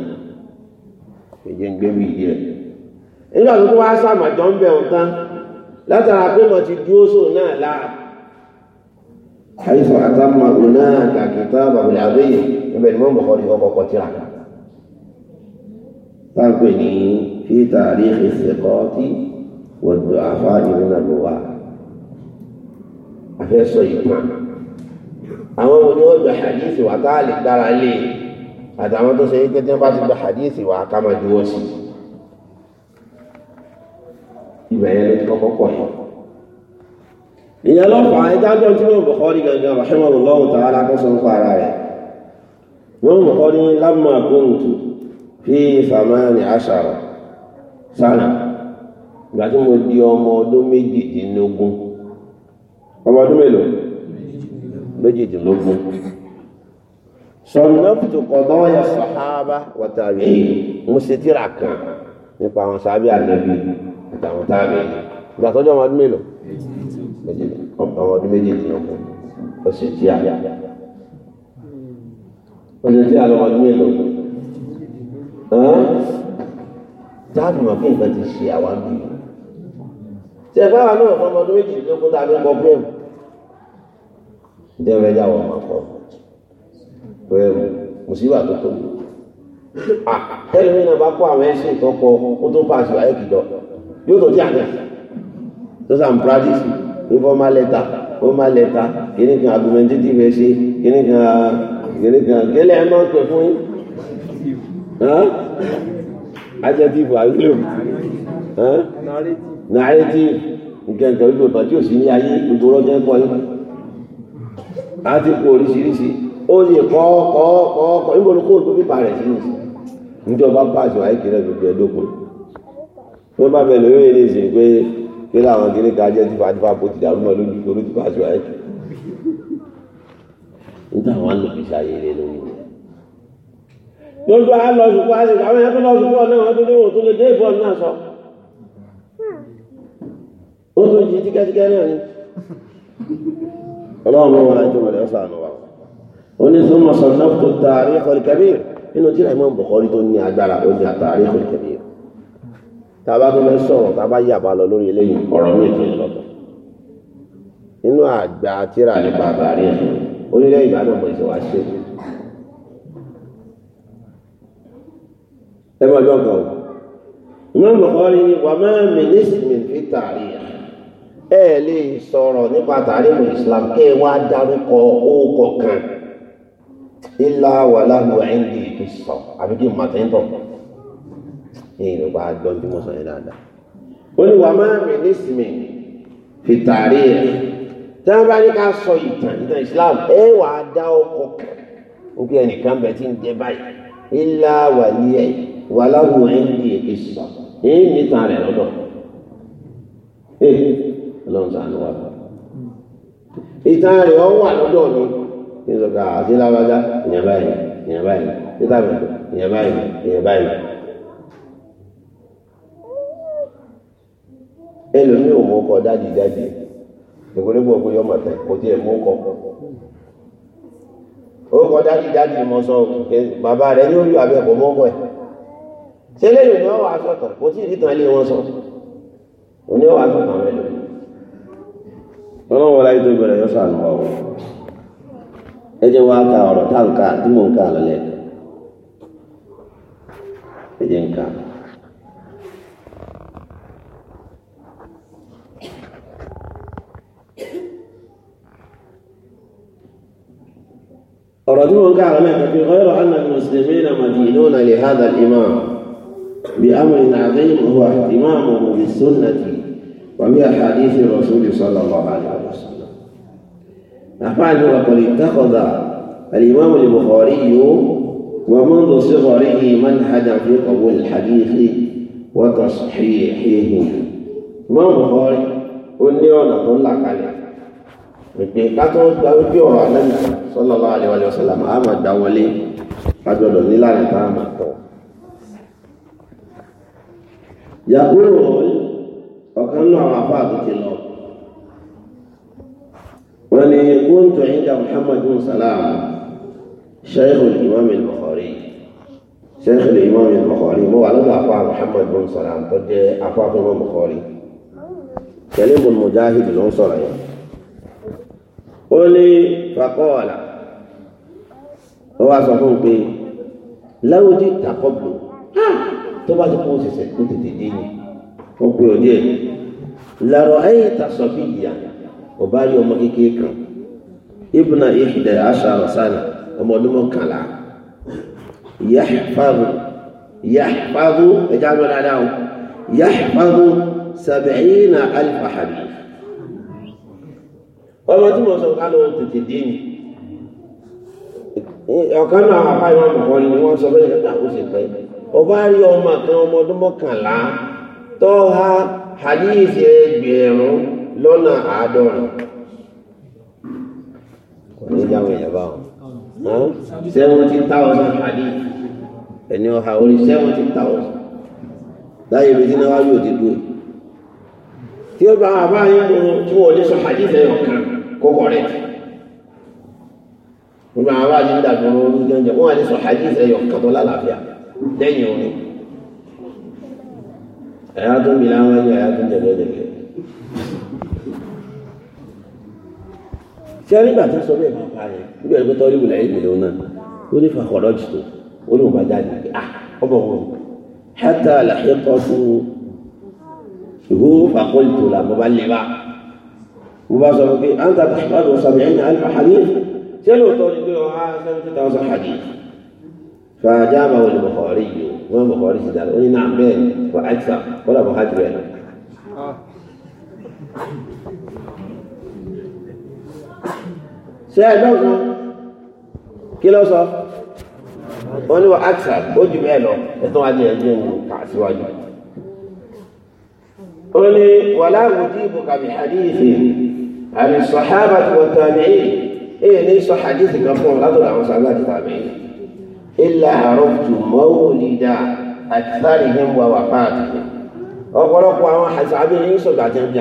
ìjẹ́ ń gbé bí ìdí ẹ̀ nígbà tó wá sàmàjọ́ ń bẹ̀ ọ̀tán látara pé mo ti dúró sóò náà láà حيث أتم هناك كتابه العظيم ابن الإمام البخاري هو قتيل عقل. في تاريخ الثقات والضعفاء من الرواة afẹ́sọ ìtàn àwọn wo ni wọ́n gba hadithi wa tá a lè gbára lé àtàwọn tó ṣe é pé tí wọ́n bá ti gba hadithi wa ká máa juwọ́ sí ibẹ̀ yẹn ló ti kọ́kọ́ pọ̀ yìí ìyẹn ló fà á ìdájọ́ tí wọ́n Bukhari gangan rahimahullahu ta'ala kó sọ ń pa ara rẹ̀ wọ́n Bukhari lamma kuntu fi samani ashara sára ìgbà tí mo di ọmọ ọdún méjìdínlógún ọmọ ọdún mélòó méjìdínlógún sọ̀nàpùtù kọ̀dọ̀ ya sàhábà wàtàbí mo ṣe tíra kan nípa àwọn sábì ànábì àtàwọn tábì ìgbà tọ́jú ọmọ ọdún mélòó ọmọ ọdún méjìdínlógún ó ṣe tíra ó ṣe tíra lọ́mọ ọdún mélòó jáàmù mọ̀ fún nǹkan ti ṣe àwa bí i ṣe fáwọn náà fún ọmọdún méjìlélógún tá a ní kọ bẹ́ẹ̀mù ìjẹun ẹja wọn máa kọ bẹ́ẹ̀mù mùsíbà tó tó tẹ́lẹ̀ mi náà bá kó àwọn ẹ̀sìn tó kọ ó tó pàṣẹ ayé kìjọ yóò tó tí àná tó sàn practice informal letter formal letter kìíní kan argumentative essay kìíní kan kìíní kan kìíní ẹ̀ máa ń pè fún yín. ajẹ́tì ìbò àgbélò nàárẹ́tì nǹkan ìtọ́jú tó tọ́jú òsì ní ayé gbogbo ọlọ́jọ́ ń kọ́ yín láti kó oríṣiríṣi ó lè kọ́ kọ́ kọ́ kọ́ níbo ni kó o tó pípa rẹ̀ gbogbo a lọ sùkú a sì àwọn ẹ̀kọ́ lọ sùkú ọ̀nà àwọn tó léwò tó lè dé ìbọn náà sọ ó tún jí tíkẹ́tíkẹ́ náà ni ọlọ́run mọ́ wọn láti wọlé ọ̀sán àná wa ó ní sọ mọ̀ sọ̀nà tó tààrí kọlìkẹ́bí nínú tíra ìmọ̀ bọ̀kọ́rí tó ní agbára ó ní àtàrí kọlìkẹ́bí tàbá tó lè sọ̀rọ̀ tàbá yà bá lọ lórí eléyìí ọ̀rọ̀ mi ìfẹ́ lọ́tọ̀ nínú àgbà tíra nípa àtàrí onílẹ̀ ìbádọ́ mọ̀ ìṣèwà ṣe ẹ máa gbọ́ nǹkan o ìmọ̀ Bukhari ni wà máa mi nísìmì fi tààrí ẹ lè sọ̀rọ̀ nípa tààrí mu Islam kí ẹ wá dárúkọ orúkọ kan ilá wà láàbù ẹ̀ǹdì ìsọ̀ àbí kí n máa tẹ́ ń tọ̀ ní ìrọ̀bà gbọ́n bí mo sọ yẹn dáadáa ó ní wà máa mi nísìmì fi tààrí ẹ tí wọ́n bá ní ká sọ ìtàn ìtàn Islam ẹ wà á dá ọkọ̀ kan ó kí ẹnìkan bẹ̀ tí ń jẹ báyìí ilá wà ní ẹ̀yìn. Wala láwùú ẹ̀ ń di ìsọ̀ èyí mi tàn rẹ̀ lọ́dọ̀ ẹ̀ ọlọ́run sànù wà lọ. ìtàn rẹ̀ ọ wà lọ́dọ̀ mi ní sọ̀kà àti lábájá ìyẹn báyìí ìyẹn báyìí níta bẹ̀rẹ̀ ìyẹn báyìí ìyẹn báyìí. dájú dájú tẹ tiẹ̀ ó kọ dájú dájú mọ sọ bàbá rẹ ṣé lẹ́yìn ni wọ́n wà sọ̀tàn kò tí ì rítan ilé wọn sọ òní wà sọ̀tàn rẹ̀ lórí ọlọ́run wọlé ayé tó gbẹ̀rẹ̀ yọ sànù ọ̀wọ̀ ẹ jẹ́ wá ka ọ̀rọ̀ táǹkà tí mò ń kà lọ́lẹ̀ ẹ jẹ́ ń kà. أرادوا أن قال لك غير أن المسلمين مدينون لهذا الإمام بأمر عظيم هو اهتمامه بالسنة وبأحاديث الرسول صلى الله عليه وسلم نحن وقد اتخذ الإمام البخاري ومنذ صغره منهجا في قبول الحديث وتصحيحه الإمام البخاري قلني أنا أقول لك عليه صلى الله عليه وسلم ọ̀rọ̀ àlẹ́ nìkan الله alaihi wa sallam yàgòrò ọ̀kan náà àwọn afá àtúntì lọ wọn ni kóńtò ìjà muhammad bin salam sheikh imam al-bukhari sheikh imam al-bukhari mo wà lọ́dọ̀ afá muhammad bin salam tó jẹ́ afá fún imam bukhari kẹlẹ́ bùn mujahid ló ń sọ̀rọ̀ yẹn ó ní fakọ́ọ̀là ó wá sọ fún un pé láwùjí takọ́bù tó bá ti kó ṣẹ̀ṣẹ̀ kó tètè dé ni wọ́n pe ọdẹ làrọ̀ ayé ta sọ bí ìyá ọba yọ ọmọ kékeré kan ibùnà ìhìdẹ aṣa àrọ̀sánà ọmọ ọdún mọ́kànlá yahfazu yahfazu ẹja lọ dáadáa o yahfazu sàbẹ̀yìnà alifa ọmọ tí mo sọ ká tètè dé ni ọ̀kan náà àpá ìwọ̀n mọ̀kọ́ ni wọ́n sọ bẹ́ẹ̀ ọba rí ọmọ kan ọmọ ọdún mọ́kànlá tó ha hadithi ẹgbẹ̀rún lọ́nà àádọ́rin kò ní jáwé yẹn báwọn seventeen thousand hadith ẹni ọha orí seventeen thousand láyé ibi tí náà wáyé òdi dúró tí ó bá àbá yín mú tí wọn ò ní sọ hadith ẹyọ kan kókó rẹ wọn bá àbá yín dàgbọn ọdún jẹjẹ wọn ò ní sọ hadith ẹyọ kan tó lálàáfíà lẹ́yìn orin ẹ̀yà tó mi láwọn ẹ̀yà ẹ̀yà tó jẹ̀lẹ́jẹ̀lẹ́ tí a nígbà tó sọ bẹ́ẹ̀ máa parẹ́ nígbà tó tọ́rí wùlẹ̀ ìgbè lòun náà ó ní fàkọ̀rọ̀ jù tó ó ní òbá jáde pé ah, à ọmọ wọn hẹ́tà làṣẹ kọ́ fún ìwé fàkọ́lìtò làbọ̀ bá lè bá mo bá sọ pé à tàbí àdùn sàbẹ̀yìn àlùfáà hadith ṣé lóòótọ́ ni pé ọ̀há seventy thousand hadith فأجابه البخاري والبخاري سدال قال نعم بين وأكثر ولا بخاري بين سأل لو kí ló sọ wọn ní wọn àṣà ó jù bẹ́ẹ̀ lọ ẹ̀tọ́ adé ẹ̀jẹ̀ ń kà síwájú. ó ní wàlá àwùjí ìbùkàmì hadithi àmì sọ̀hábà tó wọ́n tàbí èyí ní sọ hadithi kan fún ọ látọ̀dọ̀ àwọn sàgbà ti tàbí èyí. Ila àrọ́tù mọ́wòlídà àti a hẹ́m ọ̀pọ̀lọpọ̀ àwọn àṣàbí ní sọ̀gbà tí wọ́n bí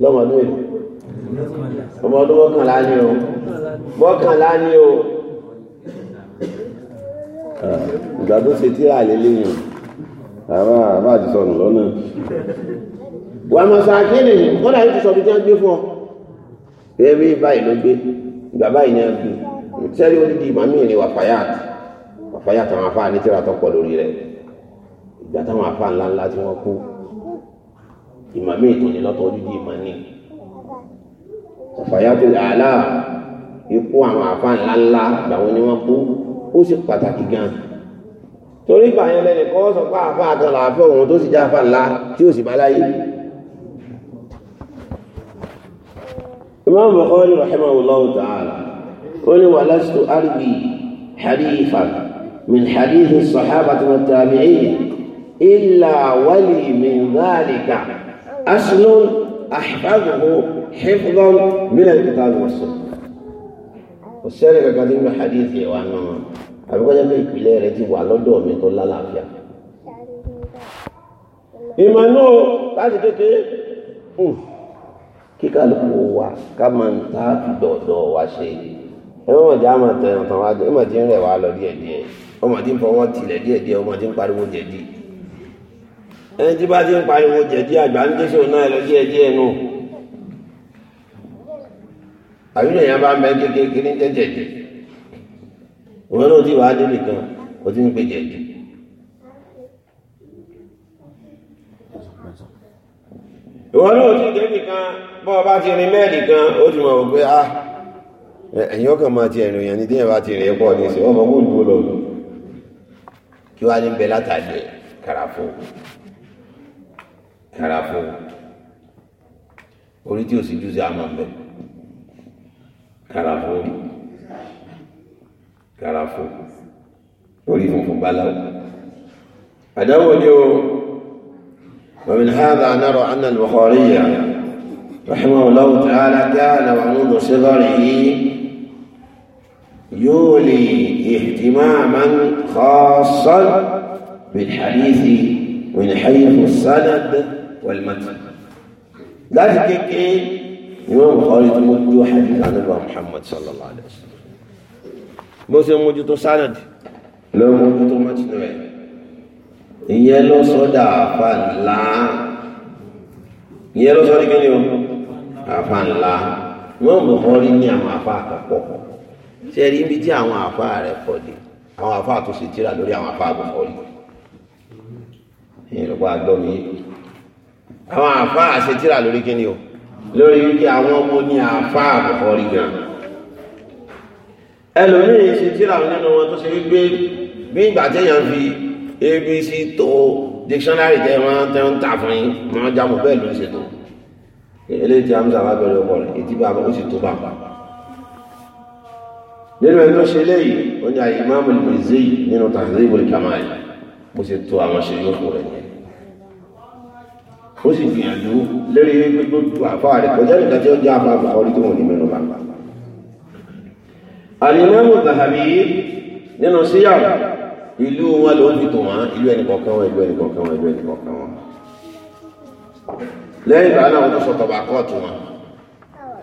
kú lọ́mọdún laanị mọ́kànlá o mọ́kànlá ni o ìgbà tó ṣe tíra àlélẹ́yìn àmà àmà àti lọ́nà wà gbé fún ọ sẹ́rí onídì ìmàmí ni wàfàyàt wàfàyàt àwọn afá ní tíra tọ́pọ̀ lórí rẹ̀ ìgbà táwọn afá ńlá ńlá tí wọ́n kú ìmàmí ìtòní lọ́tọ̀ onídì ìmàní wàfàyàt àlá ikú àwọn afá ńlá ńlá gbàwọn ni wọ́n kú ó sì pàtàkì gan torí ìgbà yẹn lẹ́nu kọ́ sọ pé afá kan làáfẹ́ òun tó sì já afá ńlá tí ó sì bá láyé Imam Bukhari rahimahullahu ta'ala ó ní wà lásìkò àrùbí hadifa min hadith sahabati wa tabi'in illa wali min dhalika aslun ahfazuhu hifdhan min al-kitab wa sunnah kò sẹ́rẹ̀ kankan nínú hadith yẹn wà náà àbíkọ́jà pé ìpìlẹ̀ rẹ̀ ti wà lọ́dọ̀ mi tó lálàáfíà ìmọ̀ náà láti kékeré kíkà ló wà ká máa ń ta àfidọ̀dọ̀ wa ṣe yìí. ẹ̀rọ mọ̀ já máa tẹ̀yàn tán wá ọmọ ń rẹ̀ wá lọ díẹ̀díẹ̀ ọmọ ń fọwọ́ tilẹ̀ ọmọ ń pariwo tí bá ti ń pariwo jẹ̀dí àgbà ń náà lọ díẹ̀díẹ̀ nù àbílẹ̀ bá ń bẹ kékeré ní òun náà ti dé nìkan ó ti ń pe ọ ẹ̀yìn ọkàn máa ti ẹ̀rìn òyìn ní díẹ̀ bá ti rẹ̀ pọ̀ ní ìsìn ọmọ owó ìlú lọ lù kí wá ní bẹ látàdé kàràfó kàràfó orí tí ò sì jù sí àmọ́ bẹ kàràfó kàràfó orí funfun báláwo àdáwò ni o ومن هذا نرى أن البخاري رحمه الله تعالى كان وعود صغره يولي اهتماما خاصا بالحديث من حيث السند والمتن ذلك كين إمام بخاري تمجو حديث عن الله محمد صلى الله عليه وسلم موسى موجود سند لو مجد متن ìyẹn ló sọdọ àfa ńlá ìyẹn ló يوم kí ni o àfa ńlá wọn bọ̀ ṣe rí ibi tí àwọn àfa rẹ̀ pọ̀ dé àwọn àfa tó ṣe tíra lórí àwọn àfa àgbọ̀fọ̀ rí ìrọ̀pọ̀ àgbọ̀ mi àwọn àfa ṣe tíra lórí kíni o lórí wípé àwọn ọmọ ní àfa àgbọ̀fọ̀ rí gan ẹlòmíràn ṣe tíra nínú wọn tó ṣe wípé bí ìgbà téèyàn fi abc tó dictionary tẹ wọn tẹ ń ta fún yín wọn jámọ bẹ́ẹ̀ ló ń ṣètò eléyìí tí a ń sábà bẹ̀rẹ̀ ọkọ rẹ etí bá a bá ó sì tó bá nínú ẹni tó ṣe léyìí ó ní àyè ìmáàmù ìbìzí nínú tàzíbù kamal bó ṣe tó àwọn ṣe yóò fún rẹ ní ó sì gbìyànjú lórí gbogbo àfáà rẹ kọjá nígbà tí ó jẹ àfáà àfáà orí tó wọn ní mẹ́nu bá àlìmáàmù Zahabi nínú síyàwó ìlú wọn ló ń fi tò wọn ìlú ẹnì kọ̀ọ̀kan wọn ìlú ẹnì kọ̀ọ̀kan wọn ìlú ẹnì kọ̀ọ̀kan wọn lẹ́yìn ìgbà náà wọn tó sọ tọba kóòtù wọn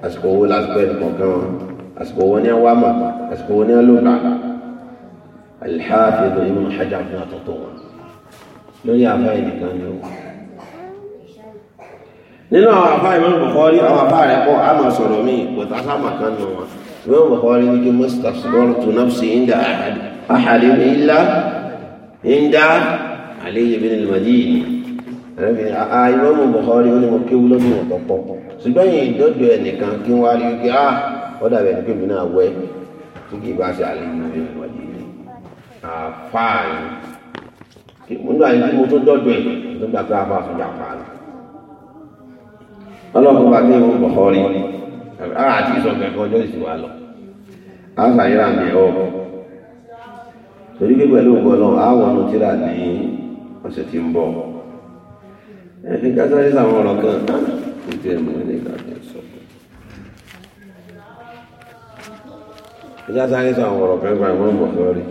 àsìkò owó lásìkò ẹnì kọ̀ọ̀kan wọn àsìkò wọn ni wá mà àsìkò wọn ni lò bá alihafidhu ibn hajar ní àtọ̀tọ̀ wọn lórí àfáà nìkan ni ó nínú àwọn àfáà ìmọ̀ bùkọ́rí àwọn àfáà rẹ̀ pọ̀ a máa sọ̀rọ̀ mí pẹ̀tà sáàmà kan nù wọn ìmọ̀ bùkọ́rí ní kí mustapha sọ̀rọ̀ tó nafsi inda ahadi ó dàbẹ̀ ní pèmí náà wẹ́ tí kì í bá ṣe àlejò ní ìwọ̀nyí àfáàní kí mo ń àyè tí mo tó dọ́dọ̀ ẹ̀ tó gbà pé àfáà fún jàpá ni ọlọ́run bá dé ìwọ̀n bọ̀họ́rí àti ìsọ̀kẹ̀kọ̀ ọjọ́ ìsìnwá lọ àṣàyíra mi ọ̀ torí pé pẹ̀lú ògbọ́ náà àwọn ọ̀nà tíra ní ọ̀sẹ̀ tí ń bọ̀ ẹ̀ẹ́dẹ́gbẹ́sẹ̀ sáwọn ọ̀rọ̀ kan náà ìdí ẹ̀mọ́ ẹ̀ẹ́dẹ́gbẹ́sẹ̀. ìjà anyị sọ àwọn ọ̀rọ̀ kan gba ìwọ̀n mọ̀ lórí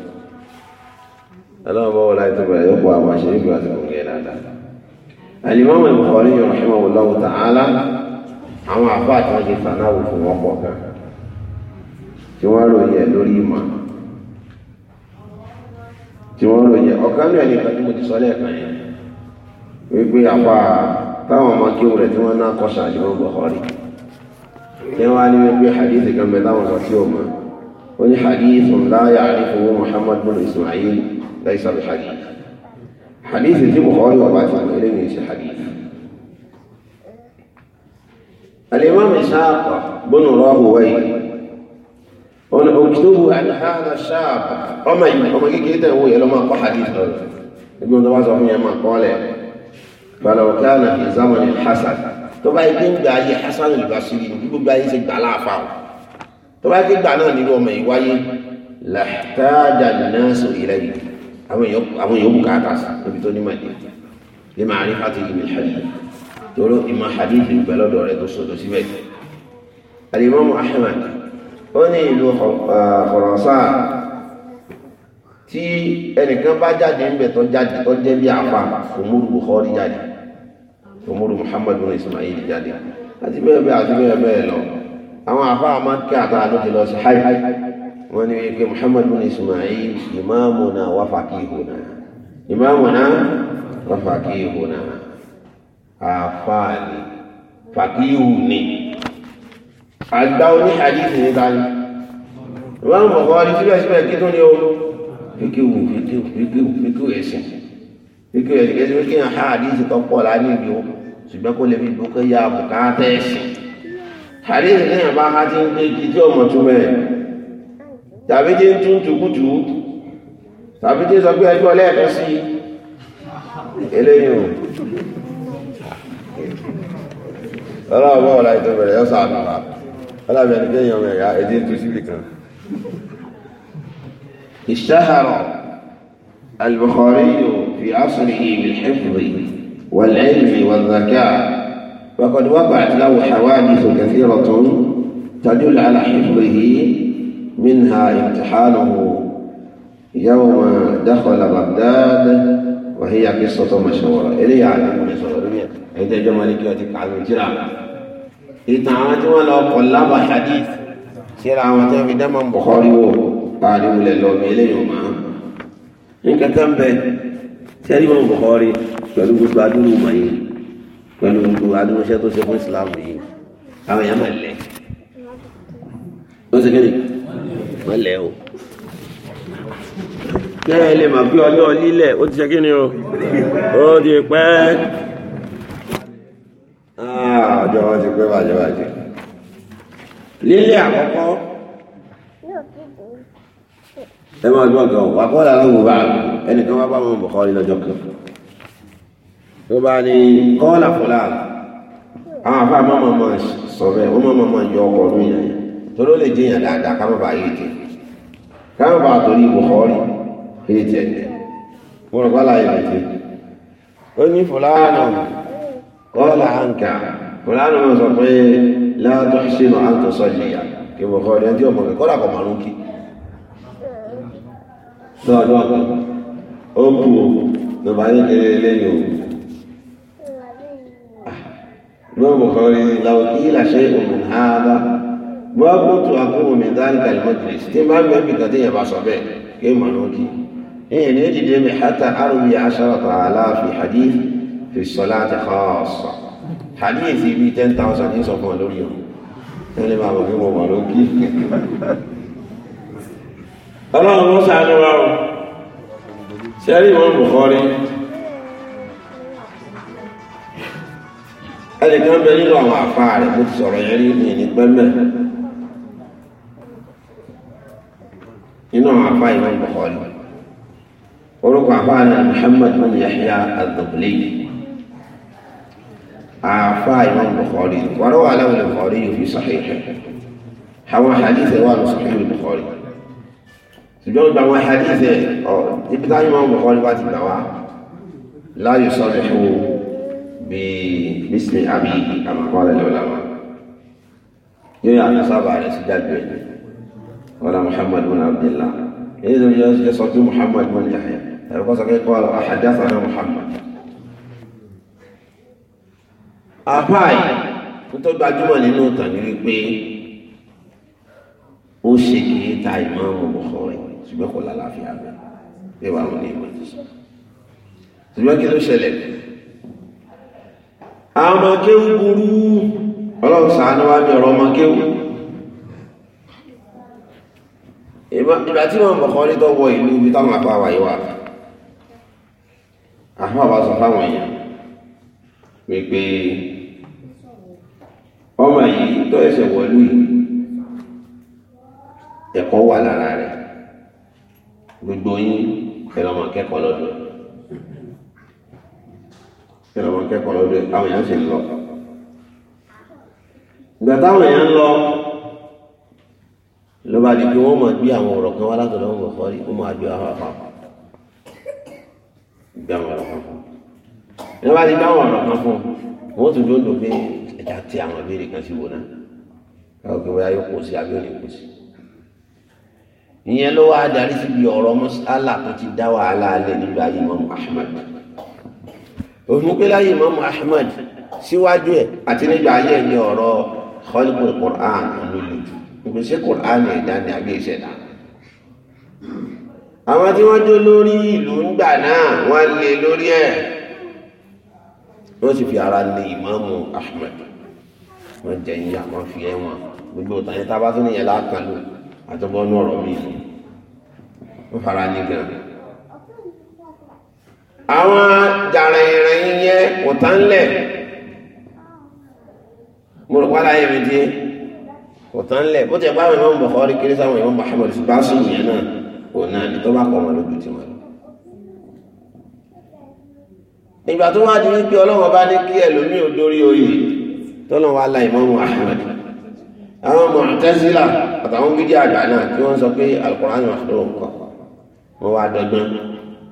ọlọ́run bọ́wọ́ láì tó bẹ̀rẹ̀ yóò pọ̀ àwọn àṣírí ìgbà tó kò àwọn tí lórí tí ní mo ti sọ yẹn wípé táwọn ọmọ tí tí á ní wípé oní لا يعرفه محمد بن إسماعيل ليس بحديث. حديث hadith hadith tí bukhari wà bàtà ní الإمام إسحاق بن راهويه وانا اكتبوا عن هذا الشاب أمي أمي كده هو لما قال حديث ابن دواز هم ما قال فلو كان في زمن الحسن طبعا يمكن ده حسن البصري يقول ده يسجد على عفاوه tó bá gbégbà náà nínú ọmọ yìí wáyé làtàjà náà sọ ìrẹ́ yìí àwọn yòókù káàkà sí níbi tó nímọ̀ ìdí lè máa rí fàtí ìmì ìṣẹ́lẹ̀ tóró ìmọ̀ hadith ìgbẹ́ lọ́dọ̀ rẹ̀ tó sọ̀tọ̀ síbẹ̀ alimọ́mù ahmed ó ní ìlú Khurasan tí ẹnìkan bá jáde ń bẹ̀ tó jáde tó jẹ́ bí àpá òmùrù Bukhari jáde òmùrù Muhammadu Ismail jáde àti bẹ́ẹ̀ bẹ́ẹ̀ àti bẹ́ẹ̀ bẹ́ẹ̀ lọ àwọn àfa amákẹ́ àtàlù ti lọ sí hajj wọ́n ní wípé muhammad bin ismail imamuna wa fakihuna imamuna wa fakihuna àfáàní fakihu ni àgbà oní hadith ní báyìí wọ́n mọ̀ kọ́ ọ́rí síbẹ̀síbẹ̀ kí tó ní o fikihu fikihu fikihu fikihu ẹ̀sìn fikihu ẹ̀sìn kí ni a hadith tó pọ̀ láàrin ìlú ṣùgbọ́n kó lè fi dúkọ́ yá bùkátà ẹ̀sìn àríyìn ní àbá ha ti ń gbé igi tí ọmọ tún mẹ́ẹ̀ tàbí tí ń tún tùkútù tàbí tí ń sọ pé ẹjọ́ lẹ́ẹ̀kan sí eléyìí o ọlọ́ọ̀bọ̀ ọ̀la ètò bẹ̀rẹ̀ yọ sàánú wa ọlọ́ọ̀bẹ̀ ẹni kéèyàn ọmọ ẹ̀yà ẹdí tún síbì kan ìṣàhàrọ̀ al-Bukhari fi asrihi bil-hifzi wal-ilmi wal-zaka وقد وقعت له حوادث كثيرة تدل على حفظه منها امتحانه يوم دخل بغداد وهي قصة مشهورة إلي على مشهورة إذا جمالك يأتيك على الجرع إتعامت ولا قلب حديث سيرا وتم دم بخاري وقالوا للوم إليهم إن كتم به سيرا بخاري قالوا بادوا ما يجي pẹ̀lú gbogbo adúmọ̀ṣẹ́ tó ṣe fún islam yìí àwọn èèyàn mọ̀lẹ́ ó ṣe kéde mọ̀lẹ́ o kẹ́ẹ̀ lè mọ̀ bí ọjọ́ lílẹ̀ ó ti ṣe kí ni o ó ti pẹ́ ah, ọjọ́ wọn ti pẹ́ bàjẹ́ bàjẹ́ lílẹ̀ àkọ́kọ́ ẹ máa gbọ́ kan wà kọ́ làwọn gbogbo àgbẹ̀ ẹnìkan wá bá wọn bọ̀ kọ́ ní lọ́jọ́ kan ló bá ní kọ́ọ̀là fọ́lá àwọn àbá mọ́mọ́ mọ́ sọ bẹ́ẹ̀ ó mọ́mọ́ mọ́ yọ ọkọ̀ mi yẹn torí ó lè jẹ́ yàn dáadáa ká má bàa yé jẹ ká má bàa torí Bukhari yé jẹ jẹ mo rò pálá yẹ jẹ ó ní fọ́lá náà kọ́ọ̀là ànkà fọ́lá náà sọ pé láàtọ̀ ṣìnà àǹtọ̀ sọ́jìyà kí Bukhari ẹni ọmọ rẹ̀ kọ́ọ̀là kọ̀ màrún kí lọ́ọ̀dọ́ ó kú ló bá yẹ kéré lẹ́yìn òkú lóògùn kan rí ni làwọn kí làṣẹ òun ààbá wọ́n kó tó àkókò mi dárí kàlí mọ́tìrì tí bá ń bẹ́ẹ̀ bìkan téèyàn bá sọ bẹ́ẹ̀ kí mọ̀ ló kí. ìyẹn ní ìdílé mi hàtà àrùbí aṣọ́rọ̀tà aláàfin hadith fi sọlá ti kọ́ọ̀sọ̀ hadith bíi ten thousand ní sọ fún ọ lórí ọ̀hún ẹni máa bọ̀ kí mo mọ̀ ló kí. ọlọ́run ló ṣàánú wa o ṣe é rí ìwọ̀n bùkọ́rí. ẹnìkan bẹ nínú àwọn àfa rẹ̀ mo ti sọ̀rọ̀ yẹn ní ìní pẹ́mẹ́ nínú àwọn àfa ìwé ìbọ̀kọ́lù orúkọ àfa rẹ̀ Muhammad bin Yahya adùnkùlé àfa ìwé ìbọ̀kọ́lù wàrọ̀ wà láwọn ìbọ̀kọ́lù yóò fi sàkéèké àwọn àhàdìsẹ̀ wà lọ sàkéèké ìbọ̀kọ́lù ṣùgbọ́n gba àwọn àhàdìsẹ̀ ọ̀ ibi táyọ̀ ìbọ̀kọ́lù wà ti gbà wá láyò sọ̀rọ̀ ìṣòwò bíbísí àbí àmàkọ́lẹ̀ lọ́làmà yóò yà sábà rẹ̀ sí dájú ẹ̀ wọ́n muhammad bin abdullah èyí tó yọ ẹ sọ pé muhammad bin yahya ẹ̀rọ kọ́ sọ pé kọ́ ọ àdáfà muhammad àbáyé tó gbajúmọ̀ nínú ìtàn ni wípé ó ṣe kìí ta ìmáàmù Bukhari ṣùgbọ́n kò lálàáfíà bẹ́ẹ̀ bá wọn ní ìmọ̀ ṣùgbọ́n kí ló ṣẹlẹ̀ àwọn ọmọ kéwú burú ọlọ́run sàánú wá bí ọ̀rọ̀ ọmọ kéwú ìgbà tí wọ́n bọ̀kọ́ ní tó wọ ìlú ibi táwọn apá wà yíwà àwọn àbá sọ fáwọn èèyàn wípé ọmọ yìí tó ẹsẹ̀ wọlú yìí ẹ̀kọ́ wà lára rẹ̀ gbogbo yín ẹ̀rọ lọ́dún kí lọ́mọ kẹ́kọ̀ọ́ lọ́dọ̀ àwọn èèyàn sì ń lọ. ìgbà táwọn èèyàn ń lọ ló bá di pé wọ́n máa gbé àwọn ọ̀rọ̀ kan wá látọ̀dọ̀ wọn kọ́ rí wọ́n máa gbé àwọn àpapọ̀ gbé àwọn ọ̀rọ̀ kan fún un ló bá di pé àwọn ọ̀rọ̀ kan fún un wọ́n tún onípéláyé Imam Ahmad síwájú ẹ̀ àti nígbà ayé ní ọ̀rọ̀ khalqul Qur'an lójú ìgbésẹ̀ Qur'an ẹ̀dá ni àgbé ìṣẹ̀dá àwọn tí wọ́n jó lórí ìlú ńgbà náà wọ́n lè lórí ẹ̀ wọ́n sì fi ara lé Imam Ahmad wọ́n jẹ ìyá wọ́n fi ẹ̀wọ̀n gbogbo tàyẹ́tà bá tún níyẹn lákàlù àtọ́bọ́nú ọ̀rọ̀ mi wọ́n fara ní gan-an àwọn jàrà ìrìn yẹn kò tán lẹ̀ mo rò pàdà yẹn mi dé kò tán lẹ̀ bó ti ẹ̀ báwọn ìmọ̀ bọ̀kọ́ rí kiri sáwọn ìmọ̀ Muhammad sí bá sùn yẹn náà òun náà ni tó bá kọ̀ wọn lójú ti wọn lọ. ìgbà tó wá di wípé ọlọ́wọ́ bá ní kí ẹlòmí ò dórí oyè tọ́lọ́wọ́ alá ìmọ̀mù Ahmad àwọn Mu'tazila àtàwọn gidi àgbà náà tí wọ́n sọ pé Al-Qur'an àti àṣọ nǹkan wọn wá dọ́gbọ́n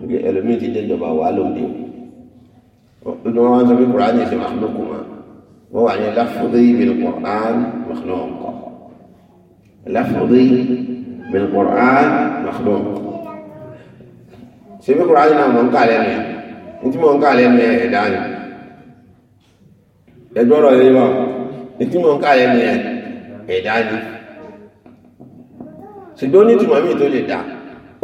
níbi ẹlòmíì ti déjọba wà lóde lójú wọn wọn sọ pé kùránì ṣe máa lókun ma wọn wà ní láfúdé ìbìlì kùrán màkìlọ́ọ̀kọ láfúdé ìbìlì kùrán màkìlọ́ọ̀kọ ṣe bí kùránì náà mọ̀ ń kà lẹ́nu yẹn ní tí mọ̀ ń kà lẹ́nu yẹn ẹ̀dá ni ẹgbọ́n yìí wà ní tí mọ̀ ń kà lẹ́nu yẹn ẹ̀dá ṣùgbọ́n ní tìmọ̀ mi tó lè dáa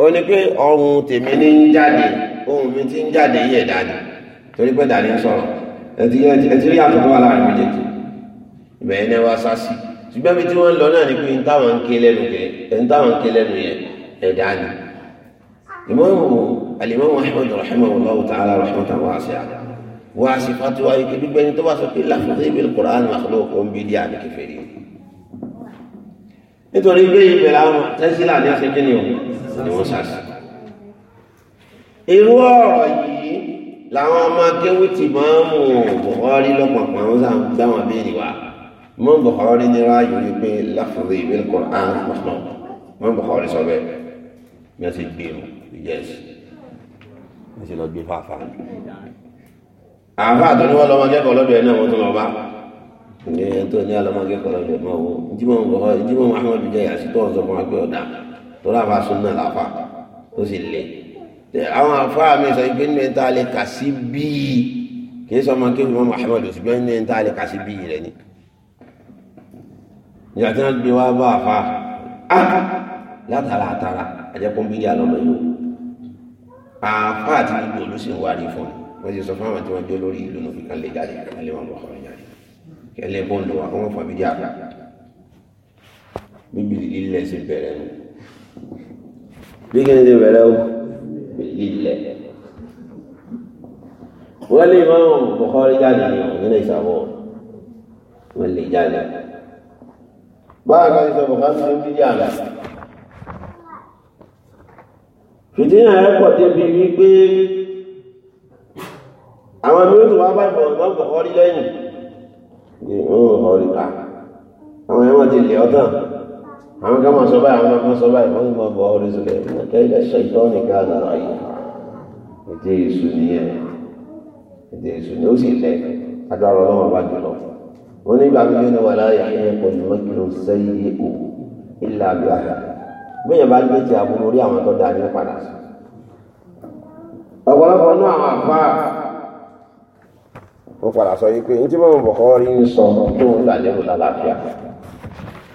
ó ní pé ọrùn tèmi ní ń jáde ohun mi ti ń jáde yí ẹ̀dá ni torí pé dàní sọ̀rọ̀ ẹtí rí àtúntò wà láàrin méjèèjì ìbẹ̀yẹ ní wá sásì ṣùgbọ́n mi tí wọ́n ń lọ náà ni pé ń táwọn ń ké lẹ́nu kẹ ń táwọn ń ké lẹ́nu yẹ ẹ̀dá ni ìmọ̀ọ́mù alimọ́mù ahmed rahimahullahu ta'ala rahmatan wasi'a wá sí fatiwa ike gbígbẹ́ni tó bá sọ pé láfíìsì ibi al-Qur'an makhluq ń bí díà ní kẹfẹ́ rí nítorí pé ibẹ̀ làwọn tẹ́sílà ní ṣe kí ni o ni wọ́n ṣàṣì irú ọ̀rọ̀ yìí làwọn ọmọ akéwì ti máa ń mú bọ̀kọ́rí lọ́pọ̀pọ̀ àwọn sáà ń gbá wọn béèrè wa mọ́ bọ̀kọ́rí ní ráàyò rí pé láfọ̀rí ìwé Kùránì bí wọ́n ní ẹjọ́ ní alamọ́gé kọ́lọ́ lè mọ́ owó jímọ̀ bọ̀họ́ jímọ̀ Muhammad jẹ́ yàtí tó ń sọ fún wa pé ọ̀dà tó rà máa súnmọ́ làáfà tó sì lè àwọn afá mi sọ pé nínú ẹ̀ta lè kà sí bíi kì í sọ ma kí wọn Muhammad ṣùgbọ́n nínú ẹ̀ta lè kà sí bíi rẹ̀ ni. yàtí wọn gbé wá bá afá ah, ah, látara àtara àjẹpọ̀ bíi àlọ́mọ yìí àfá àti gbogbo olùsìn wárí fún mi wọ́n ti sọ fún àwọn tí wọ́n jó lórí ìlú nù fi kan lè jáde kan lè wọn bọ̀ ọ̀rọ̀ ẹlẹ́bùn lò wà kọ́ mọ̀ fàmílì àgbà bíbélì lílẹ̀ sí bẹ̀rẹ̀ nù bí kí ni ti bẹ̀rẹ̀ o lílẹ̀ wọ́n lè máa ń bọ̀kọ́ rí jáde ní ọ̀hún nínú ìsàbọ̀ wọ́n lè jáde báwa ká ti sọ bọ̀kọ́ sí bíbélì àgbà fìdíhàn ẹ̀kọ́ débi wípé àwọn mìíràn wá bá ìbọn náà bọ̀kọ́ rí lẹ́yìn ní òun ọ̀rí à àwọn ẹ̀wọ̀n ti lè ọ́tàn àwọn kan máa sọ báyìí àwọn kan sọ báyìí wọ́n sì máa bọ̀ ọ́rí sọ̀rọ̀ ẹ̀wọ̀n kẹ́kẹ́ ṣe ìtọ́ nìkan àgbàrá yìí ètè èṣù nìyẹn ètè èṣù ni ó sì lẹ agbára ọlọ́wọ́n bá jùlọ wọn nígbà tó yẹn wà láyà ẹ̀yẹ pọ̀ ní mọ́kìlọ̀ sẹ́yìn o ilà àgbàrá bẹ́ẹ̀ bá gbé ti àbúrò rí àwọn tó dáa ní padà ọ̀pọ̀lọpọ̀ náà àwọn àfáà mo padà sọ yìí pé ní tí mo mọ̀ kọ́ rí ń sọ tó ń gbà lérò lálàáfíà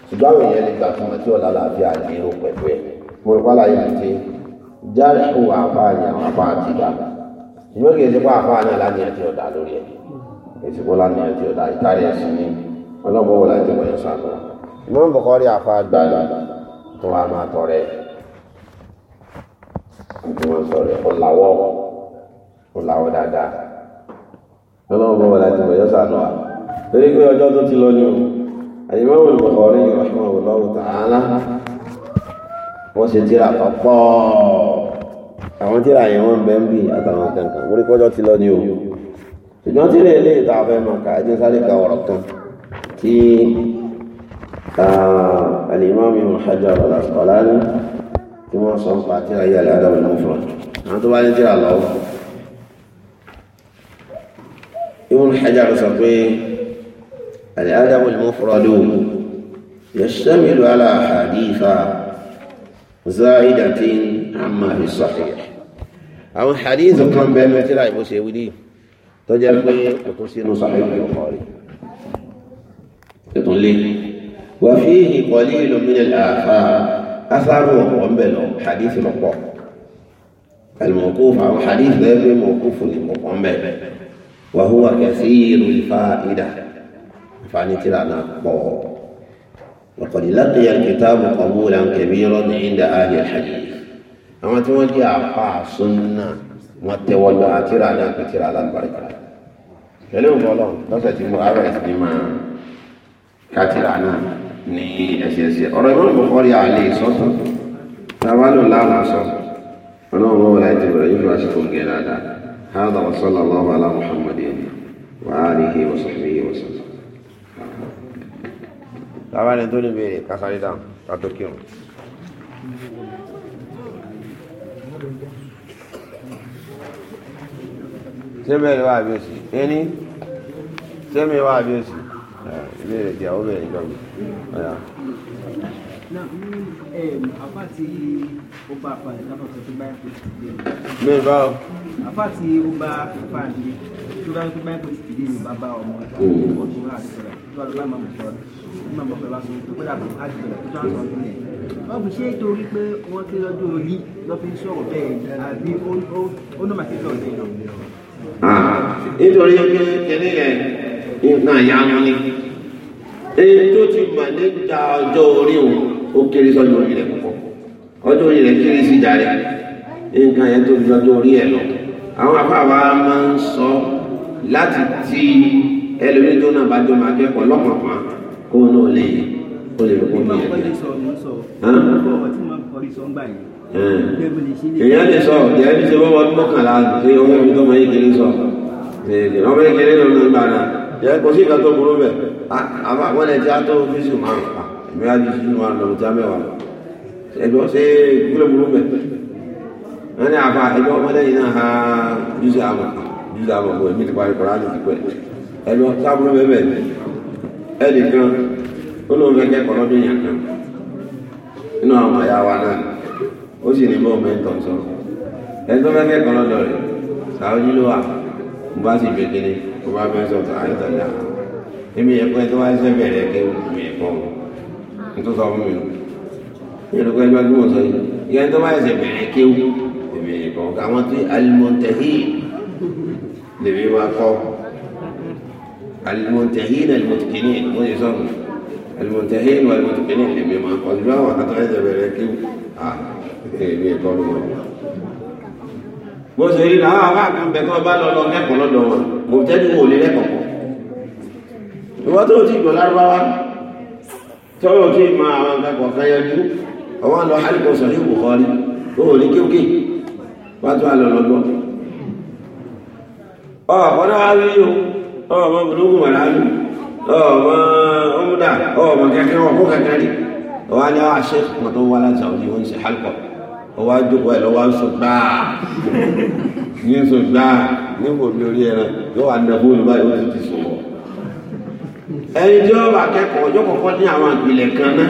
ṣùgbọ́n àwọn èèyàn lè gbà fún ọtí ọ̀la lálàáfíà lérò pẹ̀lú ẹ̀ mo rò pálá yà ti jáṣù àfáàyàn àwọn àfáà ti gbà ṣùgbọ́n kì í ṣe pé àfáà náà lánìyàn ti ọ̀dà lórí ẹ̀ èsìkò lánìyàn ti ọ̀dà ìtàrí ẹ̀sìn ni ọlọ́gbọ́n wọlé ti wọ̀nyẹn sọ àgbà mo ń bọ̀kọ́ rí àfáà gbà tó wà máa tọrẹ ìdúró sọ̀rọ̀ ọ̀làwọ̀ ọ̀làwọ̀ dáadáa ọlọ́run bọ́ wọlé àti bọ̀yọ́ sànù wa torí pé ọjọ́ tó ti lọ ní o àyèmọ́ wò lùkọ́ ọ̀rẹ́ yìí rọ̀ṣùmọ̀ wò lọ́wọ́ tààlà wọ́n ṣe tíra pọ̀ àwọn tíra yẹn wọ́n bẹ́ẹ̀ ń bì àtàwọn kankan mo rí kọ́jọ́ ti lọ ní o ṣùgbọ́n tíra ilé ìta ọ̀fẹ́ mọ̀ ká ẹjẹ́ sáré ka ọ̀rọ̀ kan tí àlèmọ́ mi mọ̀ ṣáájú àbọ̀dà ọ̀lá ní tí wọ́n sọ ń pa tíra yìí ibùn hajar sọ pé al-adabu al-mufradu yashtamilu ala haditha zaidatin amma fi sahih àwọn hadith kan bẹ́ẹ̀ mẹ́tìrà ìbò ṣe wílì tó jẹ́ pé ẹ̀kọ́ sínú sahih al-bukhari tuntun lé wà fi wàhùwà kẹfìrù fàáìdà àǹfààní tíra náà pọ̀ ọ̀kọ̀dì lákìyà kìtàbù kọ̀múlà kẹbíyọ́rọ́ ní ìdá àlẹ́ àjẹ́ àwọn tí wọ́n jẹ́ àpá súnà wọ́n tẹ́wọ́ lọ àtìrà náà pé tíra alábàárẹ̀ pẹ̀lú ìbọ̀lọ́ lọ́sẹ̀ tí mo ara ẹ̀sìn ní máa kátìrà náà ní ẹ̀sẹ̀ẹ̀sẹ̀ ọ̀rọ̀ ìwọ́n ìbọ̀kọ́rí àlè sọ́tọ̀ tàbá lò láàmú sọ ọlọ́run wọ́n wọlé àti ìbọ̀rẹ̀ yóò fi wá sí kòǹgẹ̀ dáadáa هذا وصلى الله على محمد وآله وصحبه وسلم طبعا دول بيري كسر دام تركيهم sẹ́mi wà bí ó sì ẹni sẹ́mi ìbéèrè tí àwọn obìnrin gbà mí. mi bá o. àfa tí ó bá àfa àdé tó bá tó bá tó ti dé ní bàbá ọmọ ọmọ tó wà àdìsọ̀rọ̀ tó wà lọ́la màmú sọ̀rọ̀ ní màmú ọ̀fẹ́ bá sọ tó gbọ́dọ̀ àbọ̀ àdìsọ̀rọ̀ tó tó àwọn ọ̀dọ́ yẹn. wọ́n fi ṣe é torí pé wọ́n ti lọ́dún orí lọ́ sọ̀rọ̀ bẹ́ẹ̀ àbí ó ní màtí sọ̀rọ̀ bẹ́ẹ̀ lọ. nítorí pé kẹ́lẹ́ yẹn nǹkan àyàwó ni èyí tó ti mà níta ọjọ́ orí òun ó kéré sọ́jọ́ orí rẹ̀ púpọ̀ ọjọ́ orí rẹ̀ kéré sí ìdarí nǹkan yẹn tó ju ọjọ́ orí ẹ̀ lọ àwọn afáàbá máa ń sọ láti ti ẹlòmíín tó náà bá jọ máa kẹ́kọ̀ọ́ lọ́pọ̀pọ̀ kó náà lè ó lè rògbò bí ẹ̀ èèyàn lè sọ ọ̀dẹ̀ ẹni tí wọ́n wọ́n mọ́kànlá ṣe ọmọ ibi tó máa yé kéré sọ ọmọ yé kéré lọ́nà ìgbà náà yẹ kò sí ìkan tó burú bẹ̀ àmọ́ àwọn ẹ̀ tí a tó fi sùn máa fà èmi á di sínú máa lọ tí a mẹ́wàá lọ ẹjọ́ ṣe kúlẹ̀ burú bẹ̀ wọ́n ní àfa ẹjọ́ ọmọdé yìí náà ha júṣe àmọ̀ júṣe àmọ̀ bò èmi ti parí kọ́ra ní ìpẹ́ ẹjọ́ sábúrú bẹ́ẹ̀ ẹnì kan ó lóun fẹ́ kẹ́kọ̀ọ́ lọ́dún yàn kan nínú àwọn àyà wa náà ó sì ní bọ́ọ̀ mẹ́tọ̀ sọ ẹjọ́ fẹ́ kẹ́kọ̀ọ́ lọ́dọ̀ rẹ̀ sàójú ló wà mo bá sì gbé kínní tó bá fẹ́ sọ̀tọ̀ àìsàn náà èmi yẹ pé tó bá ṣe bẹ̀rẹ̀ kí mi yẹ kọ́ mi tó sọ fún mi o yẹn lọ́kọ́ ẹgbẹ́ gbọ́n sọ yìí yẹn tó bá ṣe bẹ̀rẹ̀ kí wú èmi yẹ kọ́ àwọn tó alimọ̀tẹ̀hí lèmi máa kọ́ alimọ̀tẹ̀hí ní alimọ̀tẹ̀kìní mo ti sọ mi alimọ̀tẹ̀hí ní alimọ̀tẹ̀kìní lèmi máa kọ́ ìlú àwọn àtọ́ ẹ̀ṣẹ̀ bẹ̀rẹ̀ kí wú à èmi yẹ kọ́ ló mọ̀ bó ṣe rí làwọn àbá kan bẹ kọ́ bá lọ lọ mẹ́kọ̀ọ́ lọ́dọ̀ wọn kò tẹ́jú wò lé lẹ́kọ̀ọ́ ìwọ tó ti gbọ́ lárúbáwá tó o ti mọ àwọn akẹ́kọ̀ọ́ kan yanjú ọwọ́ lọ alìkọ̀sọ̀ ní Bukhari ó ò ní kéwké wá tó a lọ lọ́dọ̀ ọ ọ̀dọ́ wa rí o ọ ọmọ burúkú wà láàrú ọmọ ọmọdà ọmọ kẹkẹ ọkọ kẹkẹ ọwọ́ alẹ́ wa ṣe kọ̀tọ̀ wà láti àwọn ìwọ̀n ṣe alìkọ̀ọ́ ọwọ́ àjòkó ẹ̀ lọ́wọ́ àṣọ gbáà ní sọ gbáà ní kò bí orí ẹran yóò wà nà fóònù báyìí wọ́n ti ti sùn wọ́. ẹni tí ó bá kẹ́kọ̀ọ́ ọjọ́ ní àwọn kan náà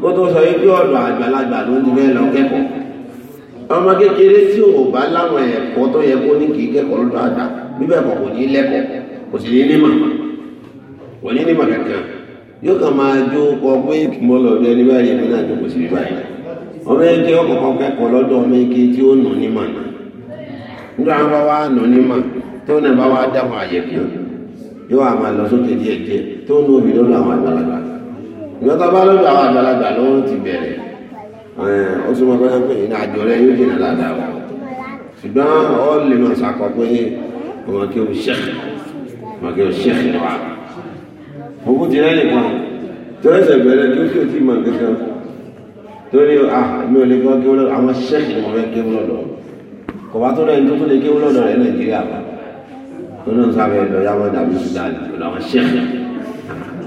kó tó sọ bí ọ̀dọ̀ àgbàlagbà ló lọ kẹ́kọ̀ọ́ ọmọ kékeré tí ò bá láwọn ẹ̀kọ́ tó yẹ kó ní kì í kẹ́kọ̀ọ́ lọ́dọ̀ àgbà bíbẹ̀ kọ̀ kò ní yóò kàn máa jó ẹni báyìí ẹni náà jókòó sí báyìí ọmọ eke ọkọ̀kọ̀ kẹ́kọ̀ọ́ ike tí ó nù ní na. nígbà wọn nọ na tó náà bá wá ama lọ sókè díẹ̀ díẹ̀ tó ń lóbi lọ́dọ̀ àwọn àgbàlagbà ti pé rẹ yóò wa ṣùgbọ́n ọ lè sàkọ pé ọmọ kí o wa. ẹsẹ̀ bẹ̀rẹ̀ torí ah, mi ò lè gbọ́ kí wọ́n àwọn sẹ́ẹ̀kì wọn fẹ́ kí wọ́n lọ́dọ̀ kò bá tó lẹ́yìn tó tó lè kí wọ́n lọ́dọ̀ rẹ̀ nàìjíríà wa lọ́dọ̀ sábẹ́ lọ yá wọn dàbí sudan lọ́dọ̀ àwọn sẹ́ẹ̀kì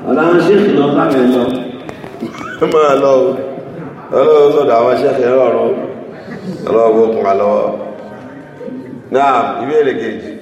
ọ̀dọ̀ àwọn sẹ́ẹ̀kì lọ sábẹ́ lọ. máa lọ ọlọ́run sọ̀dọ̀ àwọn sẹ́ẹ̀kì lọ́rọ̀ ọlọ́run kún wa lọ́wọ́ náà ìbéèrè kejì.